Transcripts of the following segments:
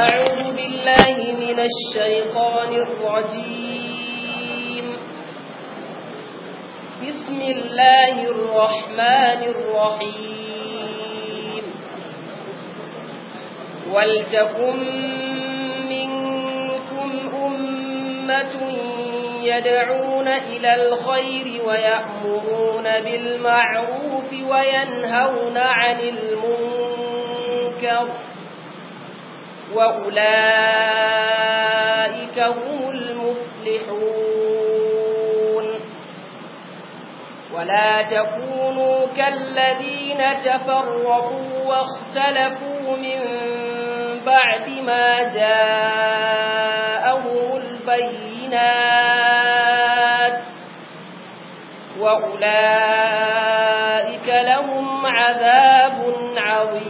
أعوذ بالله من الشيطان الرجيم بسم الله الرحمن الرحيم ولتكن منكم أمة يدعون إلى الخير ويأمرون بالمعروف وينهون عن المنكر وأولئك هم المفلحون ولا تكونوا كالذين تفرقوا واختلفوا من بعد ما جاءهم البينات وأولئك لهم عذاب عظيم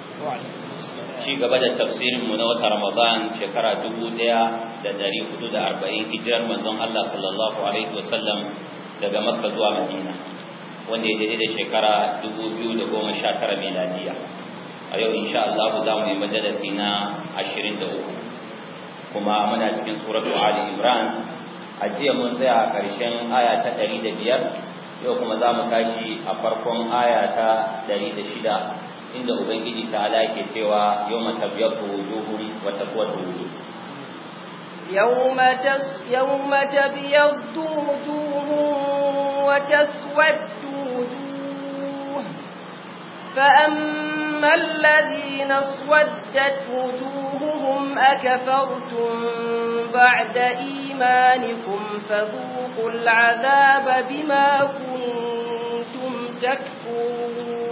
ci gaba da tafsirin mu na wata Ramadan shekara 1440 hijirar manzon Allah sallallahu alaihi wasallam daga Makka zuwa Madina wanda ya daidai da shekara 2019 miladiya a yau insha Allah za mu yi majalisi na 23 kuma muna cikin suratul Ali Imran a jiya mun tsaya a ƙarshen aya ta 105 yau kuma za mu tashi a farkon aya ta shida. inda ubangiji ta'ala yake cewa yawma tabyatu wujuhum wa taswadu wujuh yawma tas yawma tabyatu wujuhum wa taswadu wujuh فأما الذين اسودت وجوههم أكفرتم بعد إيمانكم فذوقوا العذاب بما كنتم تكفرون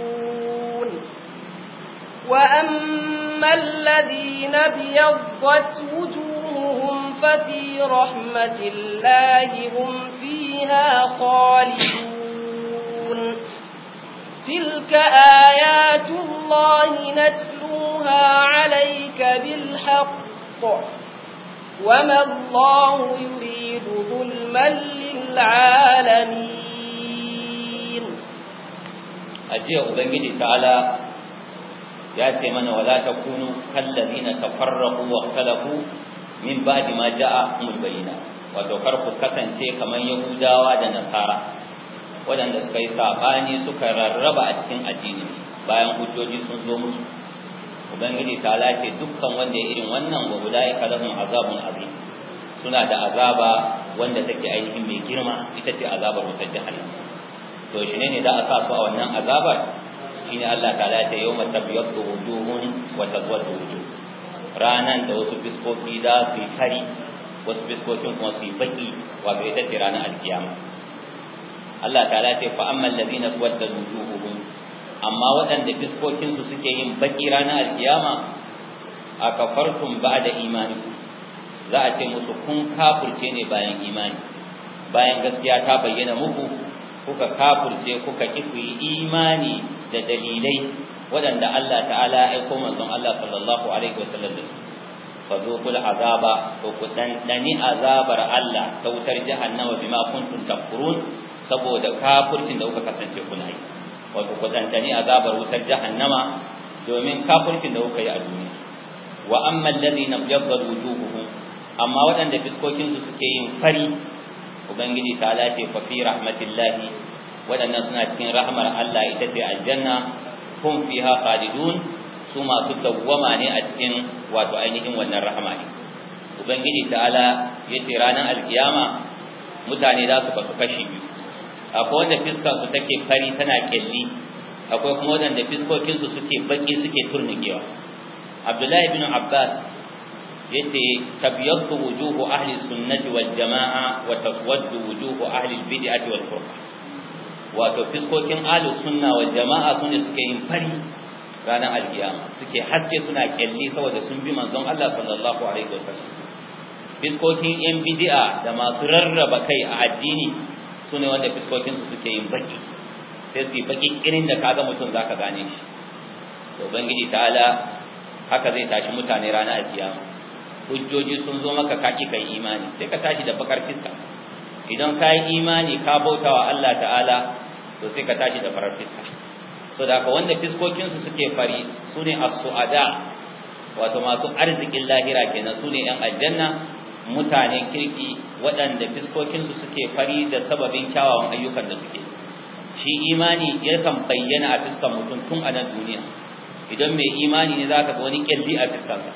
وأما الذين ابيضت وجوههم ففي رحمة الله هم فيها خالدون تلك آيات الله نتلوها عليك بالحق وما الله يريد ظلما للعالمين أجيء أبنجي تعالى ya ce mana wala takunu kallazina tafarraqu wa kalaku min ba'di ma ja'a mulbayina wato kar ku kasance kamar yahudawa da nasara waɗanda suka yi sabani suka rarraba a cikin addini bayan hujjoji sun zo musu ubangiji ta lafi dukkan wanda ya irin wannan wa ulaika lahum azabun azim suna da azaba wanda take ainihin mai girma ita ce azabar wutar jahannam to shi ne za a sa su a wannan azabar shine Allah ta'ala ta yawma tabyaddu wujuhun wa taswaddu wujuh ranan da wasu fiskoki za su fari wasu fiskokin kuma su baki wa bai ta ranar alkiyama Allah ta'ala ta fa amma alladhina tawadda wujuhuhum amma waɗanda fiskokin su suke yin baki ranar alkiyama ba ba'da imani za a ce musu kun kafurce ne bayan imani bayan gaskiya ta bayyana muku kuka kafurce kuka ki ku yi imani da dalilai waɗanda Allah ta'ala ya aiko manzon Allah sallallahu alaihi wa wasallam da su fa zuqul azaba ko ku dandani azabar Allah ta wutar jahannama bima kuntum takfurun saboda kafircin da kuka kasance kuna yi wato ku dandani azabar wutar jahannama domin kafircin da kuka yi a duniya wa amma alladhina yabyadu wujuhuhum amma waɗanda fiskokin su suke yin fari ubangiji ta lafe fa fi rahmatillahi waɗannan suna cikin rahmar Allah ita ce aljanna hum fiha khalidun su masu dawwama ne a cikin wato ainihin wannan rahama ne ubangiji ta'ala ya ce ranar alkiyama mutane za su kasu kashi biyu akwai wanda fiskar su take fari tana kyalli akwai kuma wanda fiskokin su suke baki suke turnikewa abdullahi bin abbas yace su wujuhu ahli sunnati wal jamaa wa taswaddu wujuhu ahli bid'ati wal furqa wato fiskokin alu sunna wal jama'a sune suke yin fari ranar alkiyama suke haske suna kyalli saboda sun bi manzon Allah sallallahu alaihi wasallam fiskokin yan bid'a da masu rarraba kai a addini sune wanda fiskokin su suke yin baki sai su yi baki kirin da kaga mutum zaka gane shi to ubangiji ta'ala haka zai tashi mutane ranar alkiyama hujjoji sun zo maka kaki kai imani sai ka tashi da bakar fiska idan ka yi imani ka bautawa Allah ta'ala to sai ka tashi da farar fiska so da haka wanda fiskokin suke fari sune as-su'ada wato masu arzikin lahira kenan sune yan aljanna mutanen kirki waɗanda fiskokin su suke fari da sababin kyawawan ayyukan da suke shi imani yakan bayyana a fiskan mutum tun a nan duniya idan mai imani ne zaka ga wani kyalli a fiskansa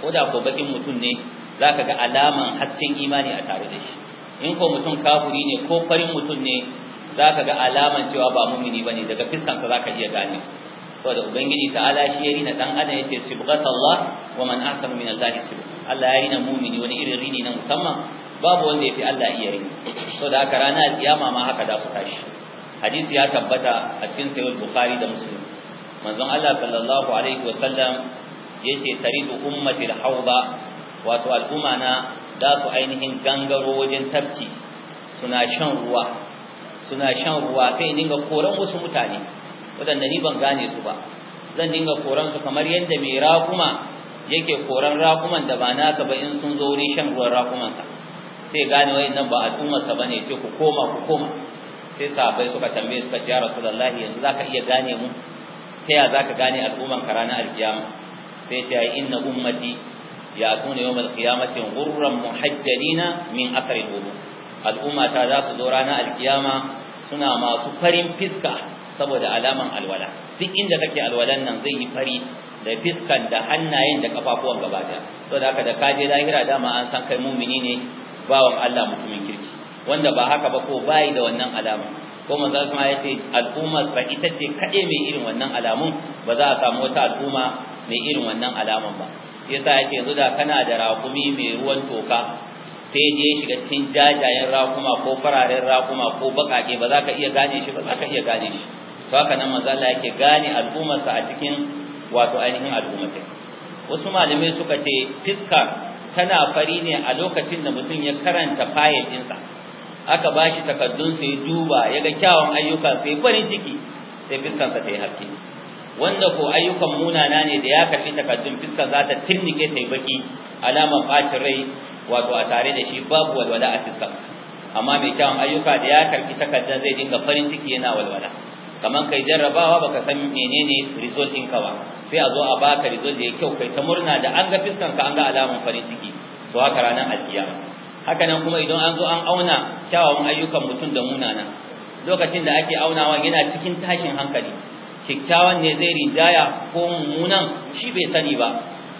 ko da ko bakin mutum ne zaka ga alaman hasken imani a tare da shi in ko mutum kafuri ne ko farin mutum ne za ka ga alaman cewa ba mumini ne daga fiskansa za ka iya gane saboda ubangiji ta'ala shi ya rina dan adam yace subhanallah wa man ahsanu min Allah subhanahu Allah ya rina mumini wani irin rini na musamman babu wanda yafi Allah iya rini saboda haka ranar kiyama ma haka da su tashi hadisi ya tabbata a cikin sahih bukhari da muslim manzon Allah sallallahu alaihi wasallam ce taridu ummati al-hawda wato al'umma na za su ainihin gangaro wajen tafki suna shan ruwa suna shan ruwa sai dinga koran wasu mutane wadanda ni ban gane su ba zan dinga koran su kamar yadda mai rakuma yake koran rakuman da ba naka ba in sun zo ni shan ruwan sa sai gane wayannan ba al'ummar sa bane sai ku koma ku koma sai sahabbai suka tambaye suka ce ya rasulullahi yanzu zaka iya gane mu ta ya zaka gane al'umman ka ranar alkiyama sai ce ai inna ummati ya'tuna yawmal qiyamati ghurran muhajjalina min athari al al'umma ta za su zo ranar alkiyama suna masu farin fiska saboda alaman alwala duk inda kake alwalan nan zai yi fari da fiskan da hannayen da kafafuwan gaba daya saboda haka da kaje lahira dama an san kai mumini ne bawan Allah mutumin kirki wanda ba haka ba ko bai da wannan alama ko manzo sama ya ce al'umma ba ita ce kade mai irin wannan alamun ba za a samu wata al'umma mai irin wannan alaman ba yasa yake yanzu da kana da rakumi mai ruwan toka sai je ya shiga cikin jajayen rakuma ko fararen rakuma ko bakake ba za ka iya gane shi ba za ka iya gane shi to haka nan manzo Allah yake gane al'ummarsa a cikin wato ainihin al'ummatai wasu malamai suka ce fiska tana fari ne a lokacin da mutum ya karanta fayil ɗinsa aka ba shi takaddun sai duba ya ga kyawun ayyuka sai farin ciki sai fiskansa ta yi haske wanda ko ayyukan munana ne da ya kafi takaddun fiska za ta tinnike ta baki alamar bacin rai wato a tare da shi babu walwala a fiska amma mai kyawun ayyuka da ya karfi takaddun zai dinga farin ciki yana walwala kamar kai jarrabawa baka san menene result ɗinka ba sai a zo a baka result da ya kyau kai ta murna da an ga fiskan ka an ga alamun farin ciki to haka ranar alkiya haka nan kuma idan an zo an auna kyawawan ayyukan mutum da munana lokacin da ake aunawa yana cikin tashin hankali kyakkyawan ne zai rinjaya ko mummunan shi bai sani ba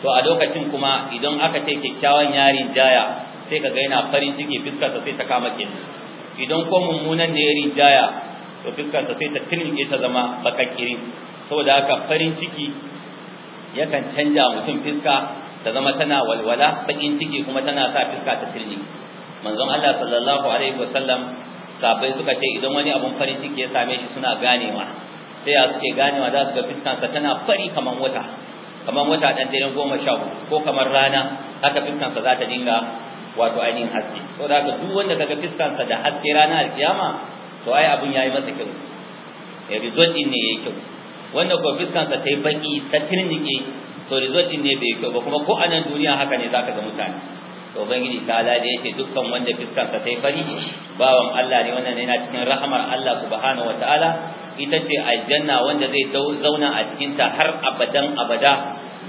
to a lokacin kuma idan aka ce kyakkyawan ya rinjaya sai ka ga yana farin ciki sa sai ta kama ke idan ko mummunan ne ya rinjaya to sa sai ta tirnike ta zama bakakkiri saboda haka farin ciki yakan canja mutum fiska ta zama tana walwala bakin ciki kuma tana sa fiska ta tirnike manzon Allah sallallahu alaihi wasallam sabai suka ce idan wani abun farin ciki ya same shi suna ganewa sai ya suke ganewa za su ga fiskansa tana fari kamar wata Kamar wata dan dare goma sha ko kamar rana haka fiskansa za ta dinga wato ainihin haske to da haka duk wanda kaga fiskansa da haske rana alkiyama to ai abun yayi masa kyau ya result din ne yayi kyau wanda ko fiskansa ta yi baki ta tirnike to result din ne bai kyau ba kuma ko a nan duniya haka ne zaka ga mutane to ubangiji ta alaje ce dukkan wanda fiskarsa ta fari bawan Allah ne wannan yana cikin rahmar Allah subhanahu wataala ita ce aljanna wanda zai zauna a cikin ta har abadan abada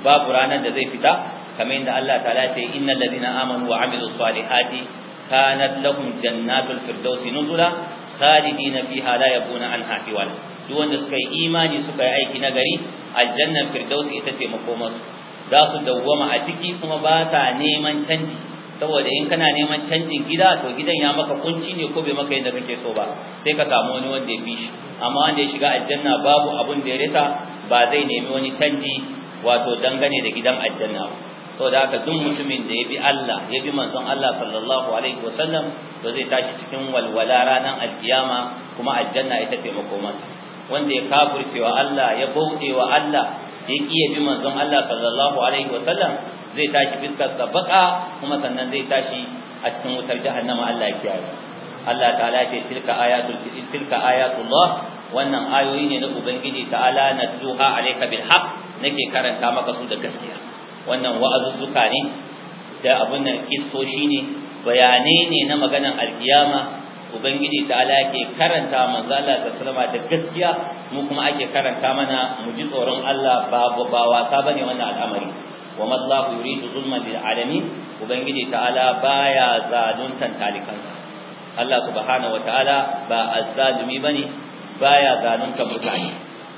babu ranar da zai fita kamar yadda Allah ta'ala ce innal ladina amanu wa amilus salihati kanat lahum jannatul firdausi nuzula khalidina fiha la yabuna anha hiwala duk wanda suka yi imani suka yi aiki nagari aljannar firdausi ita ce makomarsu za su dawwama a ciki kuma ba ta neman canji saboda in kana neman canjin gida to gidan ya maka kunci ne ko bai maka yadda kake so ba sai ka samu wani wanda ya bi amma wanda ya shiga aljanna babu abun da ya rasa ba zai nemi wani canji wato dangane da gidan aljanna ba saboda haka duk mutumin da ya bi Allah ya bi manzon Allah sallallahu alaihi wasallam to zai tashi cikin walwala ranar alkiyama kuma aljanna ita ce makomansa wanda ya kafircewa Allah ya wa Allah ya kiya bi manzon Allah sallallahu alaihi wasallam zai tashi fiskar sa baka kuma sannan zai tashi a cikin wutar jahannama Allah ya kiyaye Allah ta'ala ce tilka ayatul tilka ayatullah wannan ayoyi ne na ubangiji ta'ala natluha alayka bil haqq nake karanta maka su da gaskiya wannan wa'azuzzuka ne da abun nan kisto shine bayanai ne na maganan alkiyama ubangiji ta'ala ke karanta manzo Allah ta sallama da gaskiya mu kuma ake karanta mana mu ji tsoron Allah ba ba wasa bane wannan al'amari wa mallahu yuridu zulman lil alamin ubangiji ta'ala baya zaluntan talikansa Allah subhanahu wataala ba azzalimi bane baya zaluntan mutane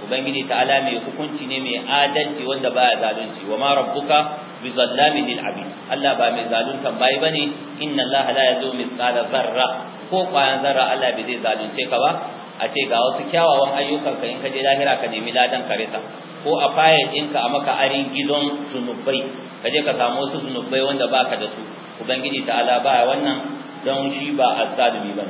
ubangiji ala mai hukunci ne mai adalci wanda baya zalunci wa ma rabbuka bizallamin lil abid Allah ba mai zaluntan bai bane inna Allah la yazlimu mithqala dharra ko kwayan zarra Allah bai zai zalunce ka ba a ce ga wasu kyawawan ayyukan ka in ka je lahira ka nemi ladan ka resa ko a fayil ɗinka a maka arin gizon zunubai ka je ka samu wasu zunubai wanda ba ka da su ubangiji ala ba wannan don shi ba azzalumi ne.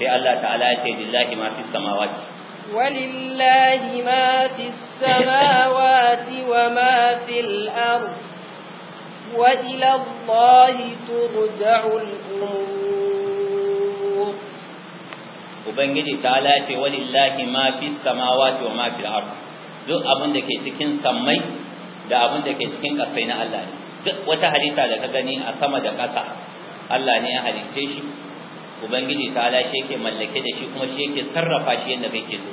sai Allah ta'ala ya ce lillahi ma fi samawati ولله ما في السماوات وما في الأرض وإلى الله ترجع الأمور ubangiji ta lace walillahi ma fi samawati wa ma fil ard duk abin da ke cikin sammai da abin da ke cikin ƙasai na Allah ne duk wata halitta da ka gani a sama da ƙasa Allah ne ya halicce shi ubangiji ta ala shi yake mallake da shi kuma shi yake sarrafa shi yadda ke so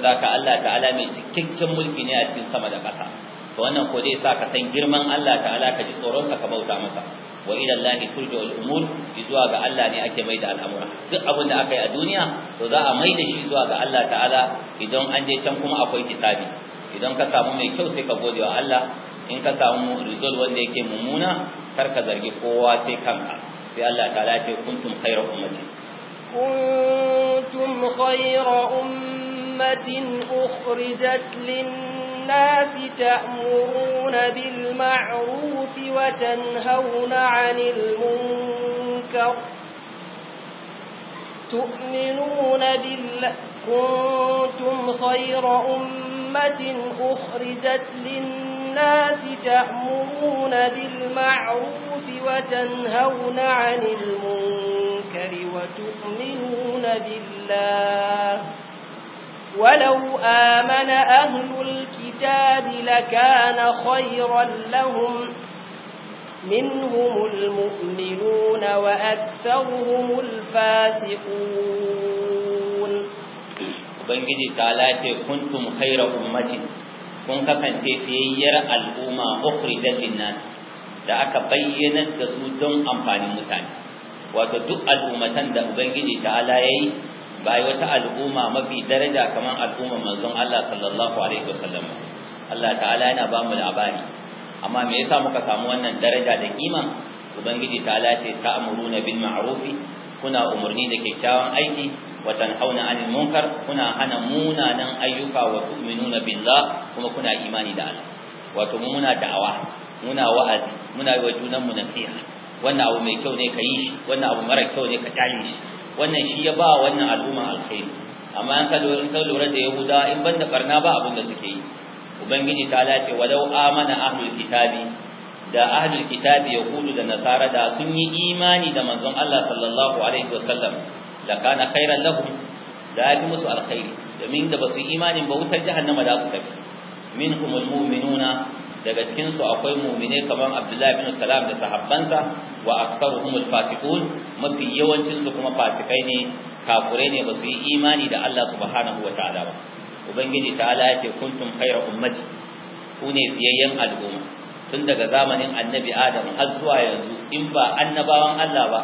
saboda Allah ta'ala mai cikakken mulki ne a cikin sama da ƙasa to wannan ko zai sa ka san girman Allah ta'ala ka ji tsoron sa ka bauta masa wa ila Allah turja al-umur zuwa ga Allah ne ake maida da al'amura duk abin da aka yi a duniya to za a maida shi zuwa ga Allah ta'ala idan an je can kuma akwai hisabi idan ka samu mai kyau sai ka gode wa Allah in ka samu result wanda yake mummuna kar ka zargi kowa sai kanka sai Allah ta'ala ce kuntum khayra ummati kuntum khayra ummatin ukhrijat lin الناس تأمرون بالمعروف وتنهون عن المنكر تؤمنون بالله كنتم خير أمة أخرجت للناس تأمرون بالمعروف وتنهون عن المنكر وتؤمنون بالله ولو آمن أهل الكتاب لكان خيرا لهم منهم المؤمنون وأكثرهم الفاسقون Ubangiji ta lace kuntum khaira ummatin kun kasance fiyayyar al'umma ukhrijat linnas da aka bayyana da su don amfanin mutane wato duk al'ummatan da Ubangiji ta ala yayi bai wata al'umma mafi daraja kamar al'umma manzon Allah sallallahu alaihi wasallam Allah ta'ala yana ba mu labari amma me yasa muka samu wannan daraja da kima ubangiji ta'ala ce ta'muruna bil ma'rufi kuna umurni da kyakkyawan aiki wa tanhauna 'anil munkar kuna hana munanan ayyuka wa tu'minuna billah kuma kuna imani da Allah wato mu, muna da'awa muna wa'azi muna yi wa junanmu nasiha wannan abu mai kyau ne ka yi shi wannan abu mara kyau ne ka tale shi wannan shi ya ba wannan al'umma alkhairi amma an ka lura da yahuda in ban da barna ba abin da suke yi ubangiji ta lace walau amana ahlul kitabi da ahlul kitabi yahudu da nasara da sun yi imani da manzon Allah sallallahu alaihi wasallam la kana khairan lahum da yi musu alkhairi domin da basu imanin ba wutar jahannama da su tafi minhumul mu'minuna daga cikin su akwai mu'mine kamar Abdullah bin Salam da sahabbansa wa aktsaruhum alfasiqun mafi yawancin su kuma fasikai ne kafurai ne basu yi imani da Allah subhanahu wa ta'ala ba ubangiji ta'ala yace kuntum khayra ummati ku ne fiyayyen al'umma tun daga zamanin annabi Adam har zuwa yanzu in ba annabawan Allah ba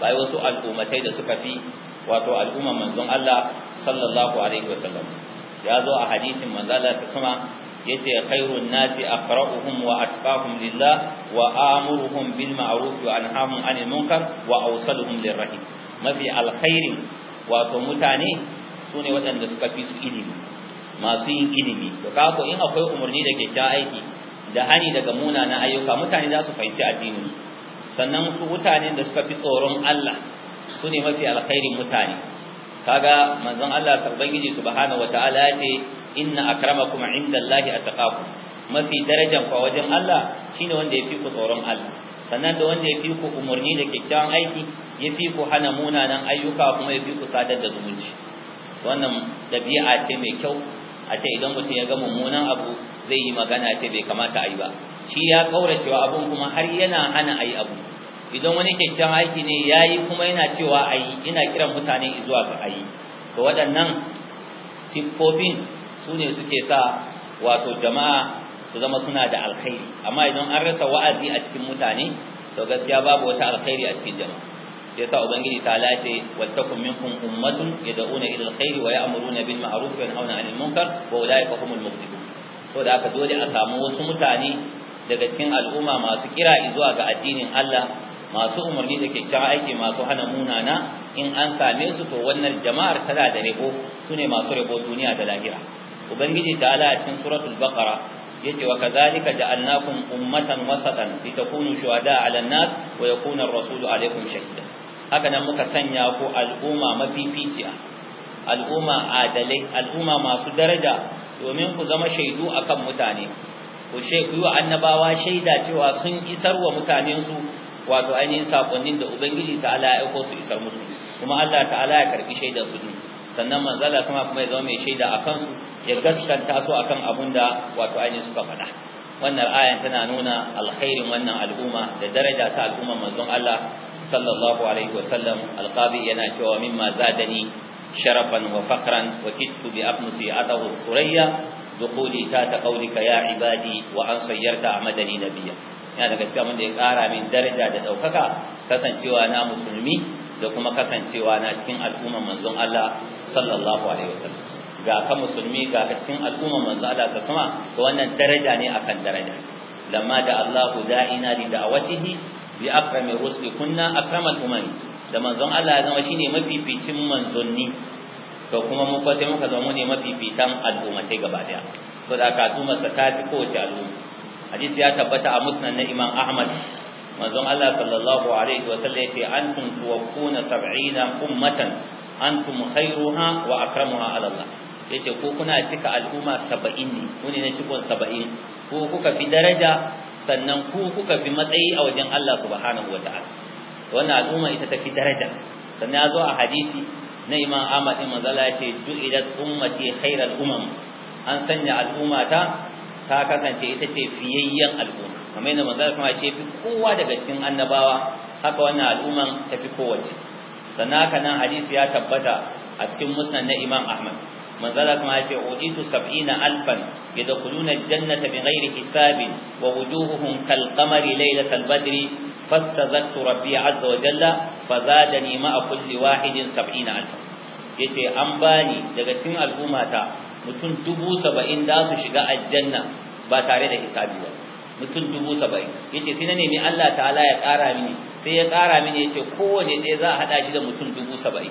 bai wasu al'ummatai da suka fi wato al'umman manzon Allah sallallahu alaihi wasallam ya zo a hadisin manzala ta sama yace khairun nasi aqra'uhum wa atqahum lillah wa amuruhum bil ma'ruf wa anhahum 'anil munkar wa awsaluhum lirrahim mafi alkhairi wato mutane sune waɗanda suka fi su ilimi masu yin ilimi to kako in akwai umarni da ta aiki da hani daga munana ayyuka mutane za su fahimci addini sannan su mutanen da suka fi tsoron Allah sune mafi alkhairin mutane kaga manzon Allah ubangiji subhanahu wataala ce inna akramakum indallahi attaqakum mafi darajan ku wajen Allah shine wanda yafi ku tsoron Allah sannan da wanda yafi ku umurni da kyakkyawan aiki yafi ku hana munanan ayyuka kuma yafi ku sadar da zumunci wannan dabi'a ce mai kyau a ce idan mutum ya ga mummunan abu zai yi magana ce bai kamata a yi ba shi ya cewa abun kuma har yana hana ayi abu idan wani kyakkyawan aiki ne ya yi kuma yana cewa a yi kiran mutane zuwa ga a yi to waɗannan siffofin su ne suke sa wato jama'a su zama suna da alkhairi amma idan an rasa wa'azi a cikin mutane to gaskiya babu wata alkhairi a cikin jama'a sai sa ubangiji ta lace wattakum minkum ummatun yad'una ila alkhairi wa ya'muruna bil ma'ruf wa yanhauna 'anil munkar wa ulaika humul muflihun to da aka dole a samu wasu mutane daga cikin al'umma masu kira zuwa ga addinin Allah masu umarni da kyakkyawan aiki masu hana munana in an same su to wannan jama'ar tana da rabo sune masu rabo duniya da lahira ubangiji ta a cikin suratul baqara yace wa kadhalika ja'alnakum ummatan wasatan litakunu shuhada 'ala an-nas wa yakuna ar-rasulu 'alaykum shahida haka nan muka sanya ku al'umma mafificiya al'umma adalai al'umma masu daraja domin ku zama shaidu akan mutane ku wa annabawa shaida cewa sun isar wa mutanensu wato ainihin sakonnin da ubangiji ta'ala ya aiko su isar musu kuma Allah ta'ala ya karbi shaida su din sannan manzala sama kuma ya zama mai shaida a su ya gaskanta su akan abin da wato ainihin suka faɗa wannan ayan tana nuna alkhairin wannan al'umma da daraja ta al'umma manzon Allah sallallahu alaihi wasallam alqabi yana cewa mimma zadani sharafan wa fakran wa kittu bi aqmusi adahu surayya dukhuli ta ta qawlika ya ibadi wa an sayyarta amadani nabiyya ya daga cikin abin da ya ƙara min daraja da ɗaukaka kasancewa na musulmi da kuma kasancewa na cikin al'umman manzon Allah sallallahu alaihi wasallam ga ka musulmi ga ka cikin al'umman manzon Allah sallallahu alaihi to wannan daraja ne akan daraja lamma da Allahu da'ina li da'watihi bi akrami rusli kunna akramal umami da manzon Allah ya zama shine mafificin manzonni to kuma mu fa sai muka zama mu ne mafificin mafifitan sai gaba daya saboda ka al'umma sa ta fi al'umma hadisi ya tabbata a musnad na imam ahmad manzon Allah sallallahu alaihi wa sallam yace antum tuwaffuna 70 ummatan antum khairuha wa akramuha ala Allah yace ko kuna cika al'umma 70 ne ku ne na cikon 70 ko kuka fi daraja sannan ku kuka fi matsayi a wajen Allah subhanahu wataala wannan al'umma ita ta fi daraja sannan ya zo a hadisi na imam Ahmad bin Manzala yace ju'ilat ummati khairal umam an sanya al'umma ta. ta kasance ita ce fiyayyen al'umma kamar yadda manzo sama ce fi kowa daga cikin annabawa haka wannan al'umman ta fi kowace sannan haka nan hadisi ya tabbata a cikin musnad na Imam Ahmad manzo sama ce uditu 70 alfan yadkhuluna jannata bighairi hisabin wa wujuhuhum kalqamari laylatal badri fastazattu rabbi azza wa jalla fazadani ma'a kulli wahidin 70 alfan yace an bani daga cikin al'ummata mutum dubu saba'in za su shiga aljanna ba tare da hisabi ba mutum dubu saba'in ya ce sai na nemi Allah ta'ala ya ƙara mini sai ya ƙara mini ya ce kowane ɗaya za a haɗa shi da mutum dubu saba'in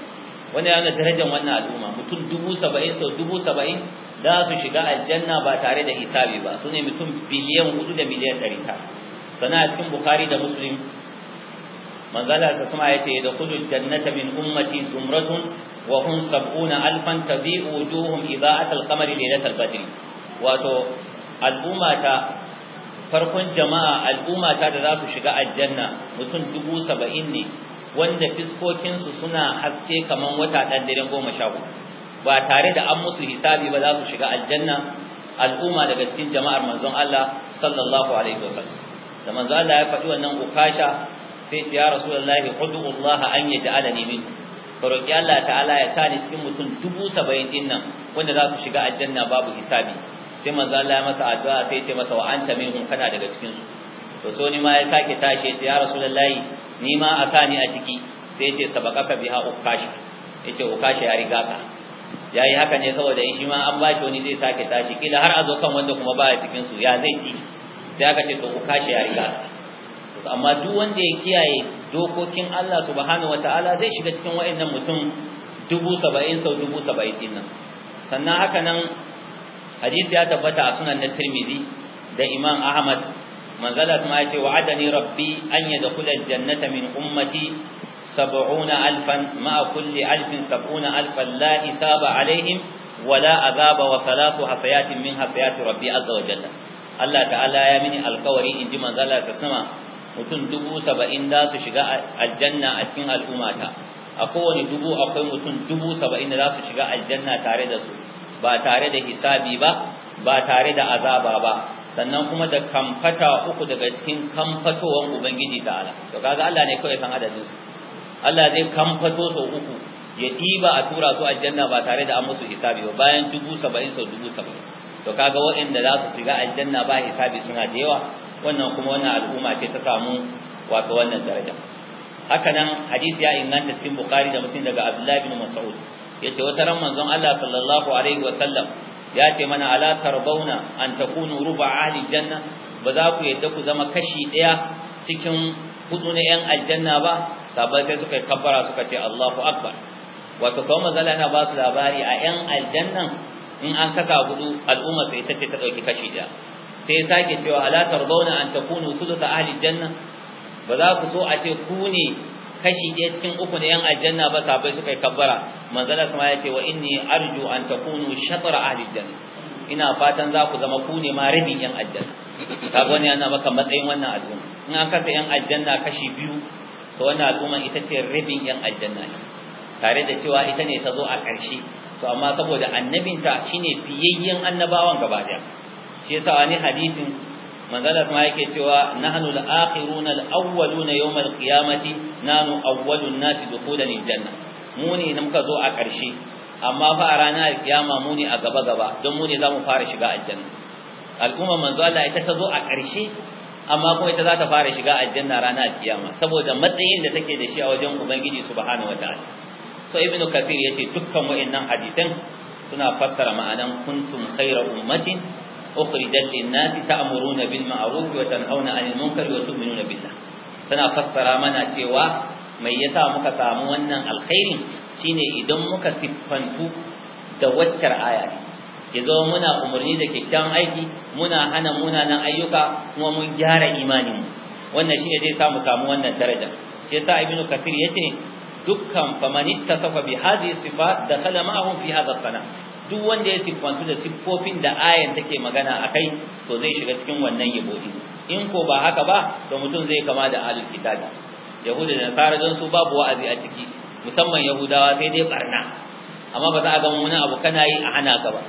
wani ya wani darajar wannan al'umma mutum dubu saba'in sau dubu saba'in za su shiga aljanna ba tare da hisabi ba su ne mutum biliyan hudu da miliyan ɗari ta sana'a cikin bukari da musulmi manzala ta sama yace da khudul jannata min ummati zumratun wa hum sab'una alfan tadhi'u wujuhum idha'at al-qamari laylatal badri wato al'umma ta farkon jama'a al'umma ta da za su shiga aljanna mutum dubu saba'in ne wanda fiskokinsu suna haske kaman wata ɗan daren goma sha hudu ba tare da an musu hisabi ba za su shiga aljanna al'umma daga cikin jama'ar manzon Allah sallallahu alaihi wasallam da manzo Allah ya faɗi wannan ukasha sai ce ya rasulullahi udullaha an yaj'alani min ka roki Allah ta'ala ya tani ni cikin mutum dubu saba'in din nan wanda za su shiga aljanna babu hisabi sai manzo Allah ya masa addu'a sai ce masa wa anta minhum kana daga cikin su to so ni ma ya sake tashi ya ce ya rasulullahi ni ma a sani a ciki sai ya ce sabaqaka biha ukasha yace ukashi ya riga ka yayi haka ne saboda shi ma an baki wani zai sake tashi kila har a kan wanda kuma baya cikin su ya zai ci sai aka ce to ukashi ya riga ka amma duk wanda ya kiyaye dokokin Allah subhanahu wataala zai shiga cikin wayannan mutum dubu saba'in sau dubu saba'in din nan sannan haka nan hadisi ya tabbata a sunan na Tirmidhi da Imam Ahmad manzala sun ya ce wa'adani rabbi an yadkhula jannata min ummati 70 alfan ma kulli alfin 70 alfan la isaba alaihim wala azaba wa thalathu hafayatin min hafayati rabbi azza wa jalla Allah ta'ala ya mini alkawari in ji manzala ta sama mutum dubu saba'in za su shiga aljanna a cikin al'ummata a kowane dubu akwai mutum dubu saba'in da za su shiga aljanna tare da su ba tare da hisabi ba ba tare da azaba ba sannan kuma da kamfata uku daga cikin kamfatowar ubangiji ala. to kaga Allah ne kawai kan adadin su Allah zai kamfato su uku ya diba a tura su aljanna ba tare da an musu hisabi ba bayan dubu saba'in sau dubu saba'in to kaga waɗanda za su shiga aljanna ba hisabi suna da yawa wannan kuma wannan al'umma ce ta samu wato wannan daraja haka nan hadisi ya inganta cikin bukhari da muslim daga abdullahi bin mas'ud yace wata ran manzon Allah sallallahu alaihi wasallam ya ce mana ala tarbauna an takunu ruba ahli janna ba za ku yadda ku zama kashi daya cikin hudu na yan aljanna ba sabai kai suka kabbara suka ce Allahu akbar wato kuma zalana ba su labari a yan aljannan in an kasa hudu al'umma sai ita ce ta dauki kashi da sai sake cewa ala tardawna an takunu thuluth ahli janna ba za ku so a ce ku ne kashi ɗaya cikin uku na yan aljanna ba sabai suka yi kabbara manzala sama ya ce wa inni arju an takunu shatra ahli janna ina fatan za ku zama ku ne ma rabin yan aljanna kaga wani yana maka matsayin wannan al'umma in an kasa yan aljanna kashi biyu to wannan al'umma ita ce rabin yan aljanna ne tare da cewa ita ne ta zo a ƙarshe to amma saboda annabinta shine fiyayyen annabawan gaba daya shi yasa wani hadisin manzala kuma yake cewa nahnu al-akhirun al-awwalun yawm al-qiyamati nanu awwalun nasi dukhulan al-janna mu ne muka zo a ƙarshe amma fa a ranar kiyama mu ne a gaba gaba don mu ne zamu fara shiga aljanna al'umma manzo Allah ita ta zo a ƙarshe amma kuma ita za ta fara shiga aljanna ranar kiyama saboda matsayin da take da shi a wajen ubangiji subhanahu wataala so ibnu kathir yace dukkan wayannan hadisan suna fassara ma'anan kuntum khayra ummatin ukhrijat lin-nasi ta'muruna bil ma'ruf wa tanhauna 'anil munkar wa tu'minuna billah Suna fassara mana cewa mai yasa muka samu wannan alkhairin shine idan muka siffantu da waccar aya ya zama muna umarni da kyakkyawan aiki muna hana munanan ayyuka kuma mun gyara imaninmu wannan shine zai samu samu wannan daraja shi yasa ibnu kafir yace dukkan famanitta safa bi da sifat dakhala ma'ahum fi hadha al duk wanda ya siffantu da siffofin da ayan take magana akai to zai shiga cikin wannan yabo in ko ba haka ba to mutum zai kama da ahlul kitabi yahuda da nasara don su babu wa'azi a ciki musamman yahudawa sai dai barna amma ba za a ga wani abu kana yi a hana ka ba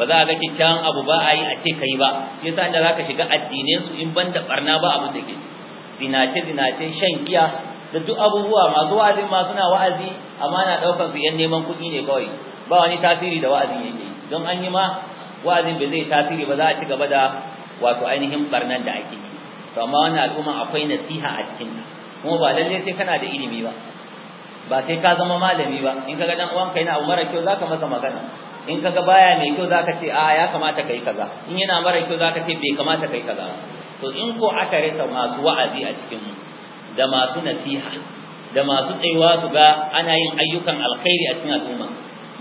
ba za a ga kyakkyawan abu ba a yi a ce kai ba shi yasa za zaka shiga addinin su in banda barna ba abin da ke zinace zinace shan giya da duk abubuwa masu wa'azin ma suna wa'azi amma na daukar su yan neman kuɗi ne kawai ba wani tasiri da wa'azin yake don an yi ma wa'azin bai zai tasiri ba za a ci gaba da wato ainihin barnan da ake yi to amma wannan al'umma akwai nasiha a cikin ta kuma ba lalle sai kana da ilimi ba ba sai ka zama malami ba in kaga dan uwanka yana mara kyau zaka masa magana in kaga baya mai kyau zaka ce a ya kamata kai kaza in yana mara kyau zaka ce bai kamata kai kaza to in ko aka rasa masu wa'azi a cikin mu da masu nasiha da masu tsayuwa su ga ana yin ayyukan alkhairi a cikin al'umma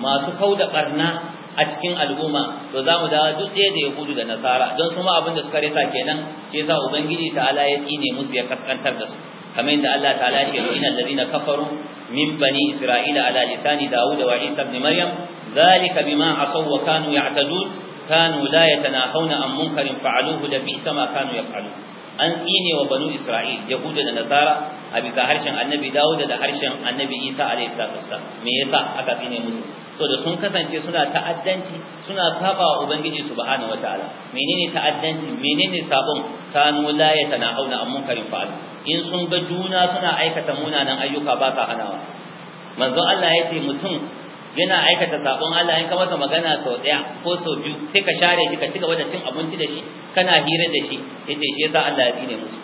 masu kauda barna a cikin al'umma to za mu dawo duk ɗaya da yahudu da nasara don su ma abin da suka resa kenan shi sa ubangiji ta'ala ya tsine musu ya kaskantar da su kamar yadda Allah ta'ala ya ce innal ladina kafaru min bani isra'ila ala lisani dawud wa isa ibn maryam zalika bima asaw wa kanu ya'tadun kanu la yatanahawna an munkarin fa'aluhu da bi'sa sama kanu yaf'alun an tsine wa banu isra'il yahuda da nasara a bisa harshen annabi dawuda da harshen annabi isa alayhi salatu me yasa aka tsine musu to da sun kasance suna ta'addanci suna saba wa ubangiji subhanahu wataala menene ta'addanci menene sabon kanu la a an munkarin fa'al in sun ga juna suna aikata munanan ayyuka ba sa hanawa manzon Allah ya ce mutum yana aikata sabon Allah in ka masa magana sau daya ko sau biyu sai ka share shi ka ci gaba da cin abinci da shi kana hira da shi yace shi yasa Allah ya tsine musu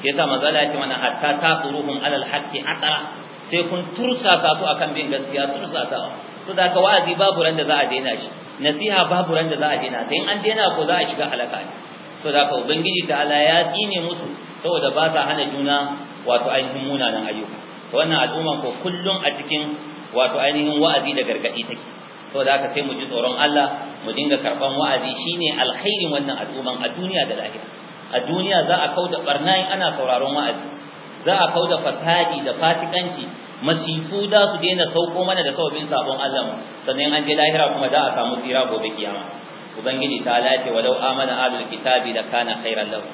shi yasa magana ta mana hatta taquruhum alal haqqi atara sai kun tursa ka su akan bin gaskiya tursa ta su da ka wa'azi babu ran da za a daina shi nasiha babu ran da za a daina sai in an daina ko za a shiga halaka ne to da ka ubangiji ta Allah ya tsine musu saboda ba sa hana juna wato ainihin munanan ayyuka wannan al'umma ko kullum a cikin wato ainihin wa'azi da gargadi take saboda haka sai mu ji tsoron Allah mu dinga karban wa'azi shine alkhairin wannan al'umman a duniya da lahira a duniya za a kauda barnayin ana sauraron wa'azi za a kauda fasadi da Fatikanci masifu da su daina sauko mana da sababbin sabon Allah sannan an je lahira kuma za a samu tsira gobe kiyama ubangiji ta lafi walau amana ahlul kitabi da kana khairan lahu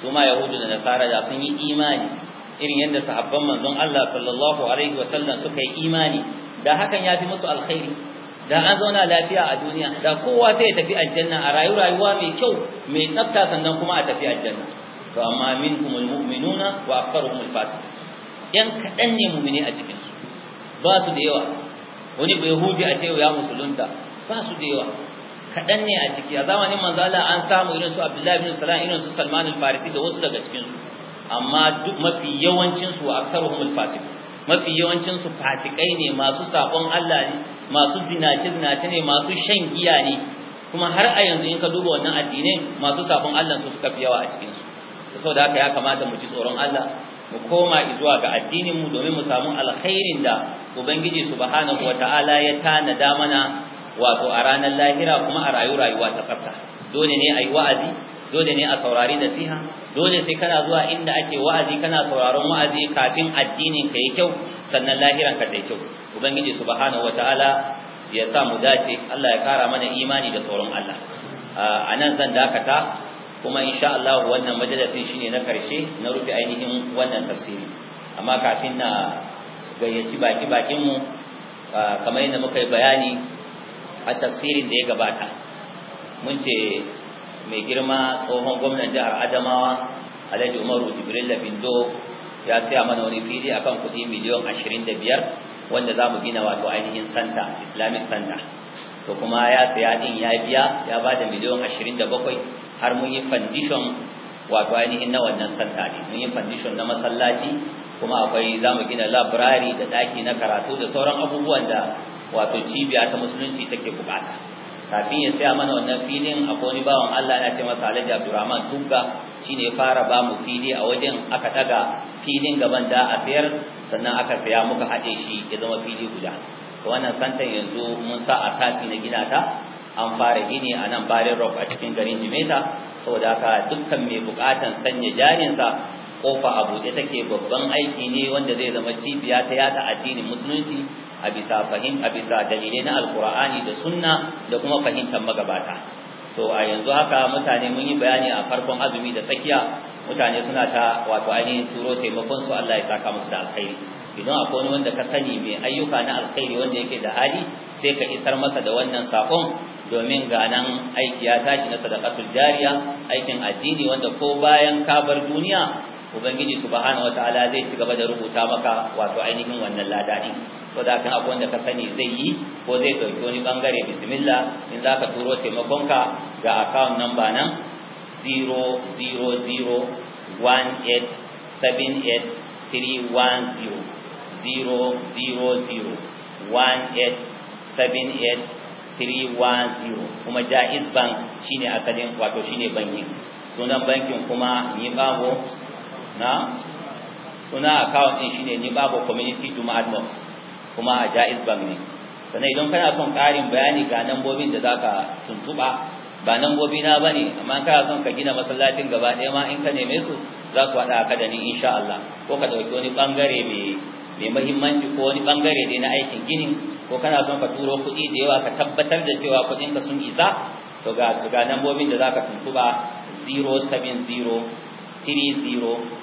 su yahudu da nasara da sun yi imani irin yadda sahabban manzon Allah sallallahu alaihi wasallam suka yi imani da hakan ya fi musu alkhairi da an zauna lafiya a duniya da kowa zai tafi aljanna a rayu rayuwa mai kyau mai tsafta sannan kuma a tafi aljanna to amma minhumul mu'minuna wa aktharuhumul fasiqun yan kadan ne mu'mini a cikin su ba su da yawa wani bai hudi a ce ya musulunta ba su da yawa kadan ne a ciki a zamanin manzala an samu irin su Abdullahi bin Salam irin su Salman al-Farisi da wasu daga cikin su amma duk mafi yawancin su aksaruhum alfasiq mafi yawancin su fasikai ne masu sabon Allah ne masu zinace zinace ne masu shan giya ne kuma har a yanzu in ka duba wannan addinai masu sabon Allah su suka fi yawa a cikin su saboda haka ya kamata mu ji tsoron Allah mu koma zuwa ga addinin mu domin mu samu alkhairin da ubangiji subhanahu wataala ya tanada mana wato a ranar lahira kuma a rayu rayuwa ta tsafta dole ne a yi wa'azi dole ne a saurari nasiha dole sai kana zuwa inda ake wa'azi kana sauraron wa'azi kafin addinin ka yi kyau sannan lahiran ka ta yi kyau ubangiji subhanahu wataala ya sa mu dace Allah ya kara mana imani da sauran Allah a nan zan dakata kuma insha Allah wannan majalisin shine na karshe na rufe ainihin wannan tafsiri amma kafin na gayyaci baki bakin mu kamar yadda muka yi bayani a tafsirin da ya gabata mun ce mai girma tsohon gwamnan jihar adamawa alhaji umaru jibril labindo ya saya mana wani fili akan kuɗi miliyon ashirin da biyar wanda za mu gina wato ainihin santa islamic santa to kuma ya saya din ya biya ya ba da miliyon ashirin da bakwai har mun yi fandishon wato ainihin na wannan santa ne mun yi fandishon na masallaci kuma akwai za mu gina labirari da ɗaki na karatu da sauran abubuwan da wato cibiya ta musulunci take bukata kafin ya saya mana wannan filin akwai wani bawan Allah yana ce masa Alhaji Abdulrahman Tunga shine ya fara ba mu fili a wajen aka daga filin gaban da a sayar sannan aka saya muka haɗe shi ya zama fili guda to wannan santan yanzu mun sa a tafi na gina ta an fara gini a nan Barin Rock a cikin garin Jimeta saboda haka dukkan mai bukatan sanya jarinsa kofa a buɗe take babban aiki ne wanda zai zama cibiya ta yata addinin musulunci a bisa fahim a bisa dalilai na alkur'ani da sunna da kuma fahimtar magabata so a yanzu haka mutane mun yi bayani a farkon azumi da tsakiya mutane suna ta wato ainihin turo taimakon su Allah ya saka musu da alkhairi idan akwai wani wanda ka sani mai ayyuka na alkhairi wanda yake da hali sai ka isar masa da wannan sakon domin ga nan aiki ya tashi na sadaqatul jariya aikin addini wanda ko bayan ka bar duniya ubangiji subhanahu wataala zai ci gaba da rubuta maka wato ainihin wannan lada din ko da kan abu wanda ka sani zai yi ko zai dauki wani bangare bismillah in zaka turo taimakonka ga account number nan 0001878310 kuma jaiz bank shine asalin wato shine banki sunan bankin kuma ni babu na suna account din shine ni babu community Jumaat Mosque kuma a Jaiz Bank ne idan kana son karin bayani ga nambobin da zaka tuntuba ba nambobi na bane amma kana son ka gina masallacin gaba ɗaya ma in ka neme su za su haɗa ka da ni insha Allah ko ka ɗauki wani ɓangare mai mai muhimmanci ko wani bangare dai na aikin ginin ko kana son ka turo kuɗi da yawa ka tabbatar da cewa kuɗin ka sun isa to ga ga nambobin da zaka tuntuba 070 30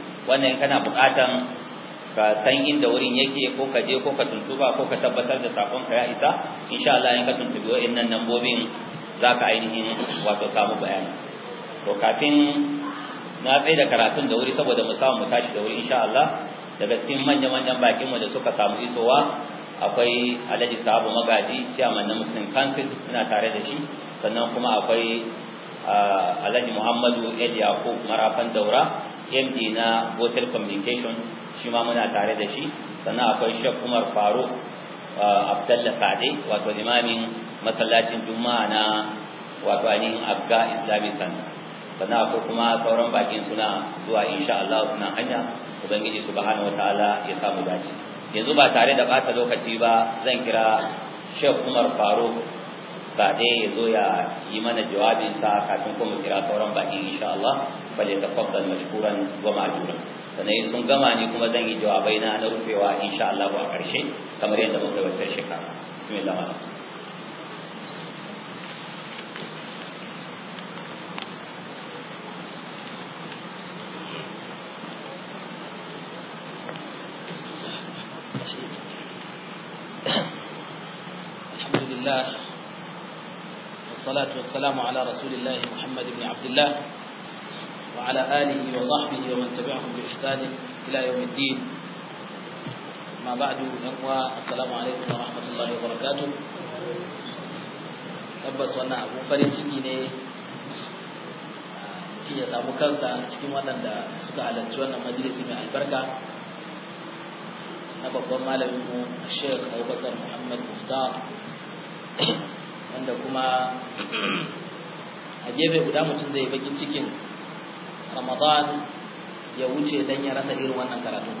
wannan kana buƙatan ka san inda wurin yake ko ka je ko ka tuntuba ko ka tabbatar da sakon ka ya isa insha Allah in ka tuntubi wa'annan nambobin za ka ainihin wato samu bayani to kafin na tsaye da karatun da wuri saboda mu samu mu tashi da wuri insha Allah daga cikin manya-manyan bakin mu da suka samu isowa akwai alhaji Sabu magaji chairman na muslim council ina tare da shi sannan kuma akwai ah, alhaji muhammadu el yakub marafan daura md na hotel communication shi ma muna tare da shi sannan akwai shek umar faruk abdallah sade wato limamin masallacin juma'a na wato ainihin abga islamic center sannan akwai kuma sauran bakin suna zuwa insha Allah suna hanya ubangiji subhanahu wataala ya samu dace yanzu ba tare da bata lokaci ba zan kira Sheikh Umar Faruk sade ya zo ya yi mana jawabin sa kafin kuma kira sauran baki insha Allah fale tafaddal mashkuran wa ma'juran sanai sun gama ni kuma zan yi jawabai na na rufewa insha Allah a ƙarshe kamar yadda muka wata shekara bismillah والسلام على رسول الله محمد بن عبد الله وعلى آله وصحبه ومن تبعهم بإحسان إلى يوم الدين ما بعد نقوى السلام عليكم ورحمة الله وبركاته تبس وانا أبو فريتيني في يسابو كنسا نشكي وانا دا سكا على تشوانا مجلس مع البركة نبقى مالا الشيخ أبو بكر محمد مختار wanda kuma a gefe guda mutum zai bakin cikin ramadan ya wuce dan ya rasa irin wannan karatu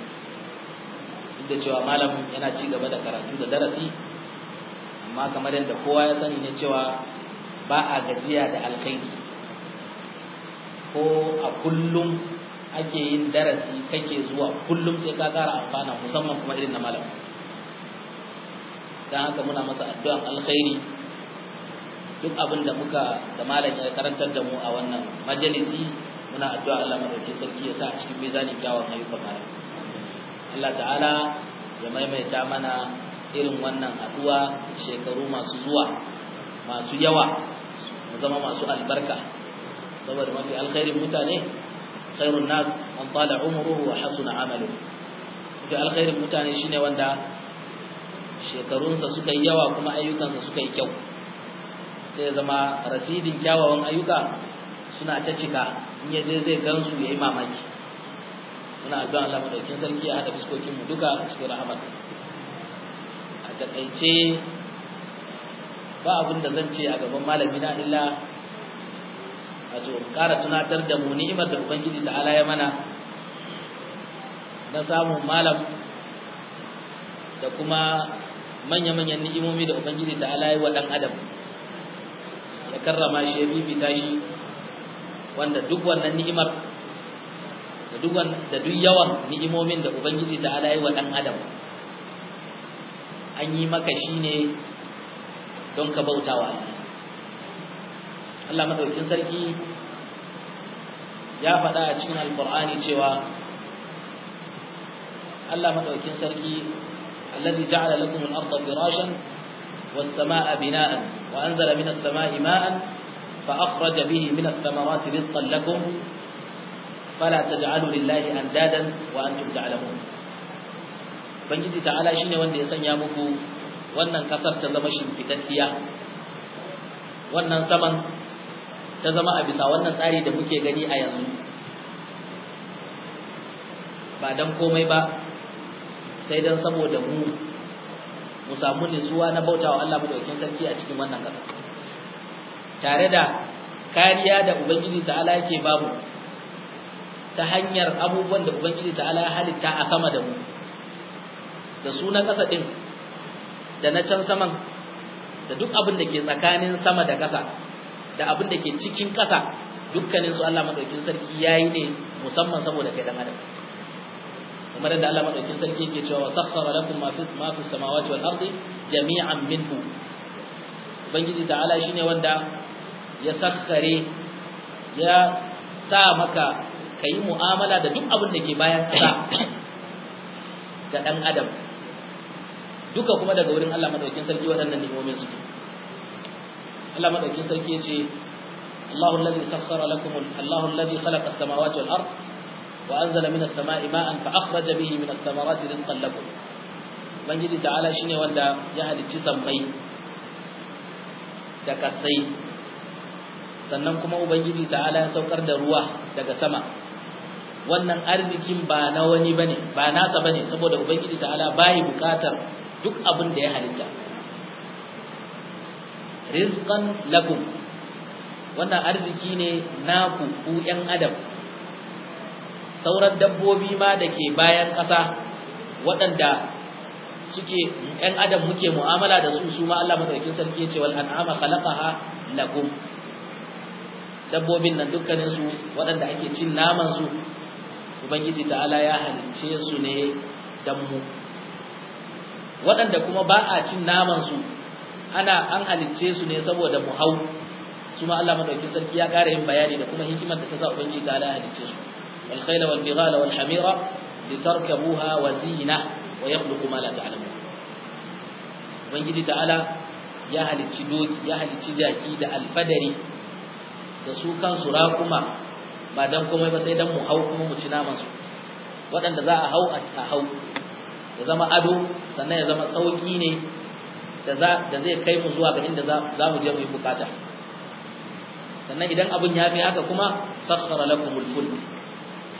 duk da cewa malam yana ci gaba da karatu da darasi amma kamar yadda kowa ya sani ne cewa ba a gajiya da alkhairi ko a kullum ake yin darasi kake zuwa kullum sai ka kara amfana musamman kuma irin na malam don haka muna masa addu'an alkhairi duk abin da muka da malam ya karantar da mu a wannan majalisi muna addu'a Allah madaukakin sarki ya sa a cikin mizanin gawan ayyukan mara Allah ta'ala ya maimaita mana irin wannan addu'a shekaru masu zuwa masu yawa mu zama masu albarka saboda mafi alkhairin mutane khairun nas man tala umruhu wa hasuna amaluhu mafi alkhairin mutane shine wanda shekarunsa suka yi yawa kuma ayyukansa suka yi kyau sai zama rasidin kyawawan ayyuka suna ta cika in ya je zai gansu ya yi mamaki suna zuwa Allah madaukin sarki ya hada fuskokin mu duka a cikin rahamarsa a takaice ba abin da zan ce a gaban malami na illa zo ƙara tunatar da mu ni'imar da ubangiji ta'ala ya mana na samun malam da kuma manya-manyan ni'imomi da ubangiji ta'ala ya wa dan adam ya karrama shi ya bibita shi wanda duk wannan ni'imar da duk da duk yawan ni'imomin da ubangiji ta ala wa dan adam an yi maka shi ne don ka bautawa Allah Allah madaukin sarki ya faɗa a cikin alƙur'ani cewa Allah madaukin sarki alladhi ja'ala lakum al-ardha firashan والسماء بناء وأنزل من السماء ماء فأخرج به من الثمرات رزقا لكم فلا تجعلوا لله أندادا وأنتم تعلمون Ubangiji ta'ala shine wanda ya sanya muku wannan kasar ta zama shimfitacciya wannan saman ta zama a bisa wannan tsari da muke gani a yanzu ba dan komai ba sai dan saboda mu mu samu nutsuwa na bautawa Allah madaukakin sarki a cikin wannan ƙasa tare da kariya da ubangiji ta'ala yake babu ta hanyar abubuwan da ubangiji ta'ala halitta a sama da mu da su na ƙasa din da na can saman da duk abin da ke tsakanin sama da ƙasa da abin da ke cikin ƙasa dukkanin su Allah madaukakin sarki yayi ne musamman saboda kai dan adam kamar da Allah madaukakin sarki yake cewa sakhkhara lakum ma fi ma fi samawati wal ardi jami'an minhu ubangiji ta'ala shine wanda ya sakhkhare ya sa maka kai mu'amala da duk abin da ke bayan ƙasa ga dan adam duka kuma daga wurin Allah madaukakin sarki waɗannan ni'imomin suke Allah madaukakin sarki yace Allahu alladhi sakhkhara lakum Allahu alladhi khalaqa as-samawati wal ardi وأنزل من السماء ماء فأخرج به من الثمرات رزقا لكم ubangiji ta'ala shine wanda ya halicci sammai da kasai sannan kuma ubangiji ta'ala ya saukar da ruwa daga sama wannan arzikin ba na wani bane ba nasa bane saboda ubangiji ta'ala bai bukatar duk abin da ya halitta rizqan lakum wannan arziki ne naku ku yan adam sauran dabbobi ma da ke bayan ƙasa waɗanda suke ‘yan adam muke mu'amala da su su ma Allah madaukin sarki ya ce wal an'ama khalaqaha lakum dabbobin nan dukkanin su waɗanda ake cin naman su ubangiji ta'ala ya halicce su ne dan mu waɗanda kuma ba a cin naman su ana an halicce su ne saboda mu hau su ma Allah madaukin sarki ya ƙara yin bayani da kuma hikimar da ta sa ubangiji ta'ala ya halicce su والخيل والبغال والحمير لتركبوها وزينة ويخلق ما لا تعلمون ubangiji ta'ala ya halicci doki ya halicci jaki da alfadari da su kansu raƙuma ba dan komai ba sai dan mu hau kuma mu ci naman su waɗanda za a hau a hau ya zama ado sannan ya zama sauki ne da zai kai mu zuwa ga inda za mu je mu yi sannan idan abin ya fi haka kuma sakhara lakumul fulk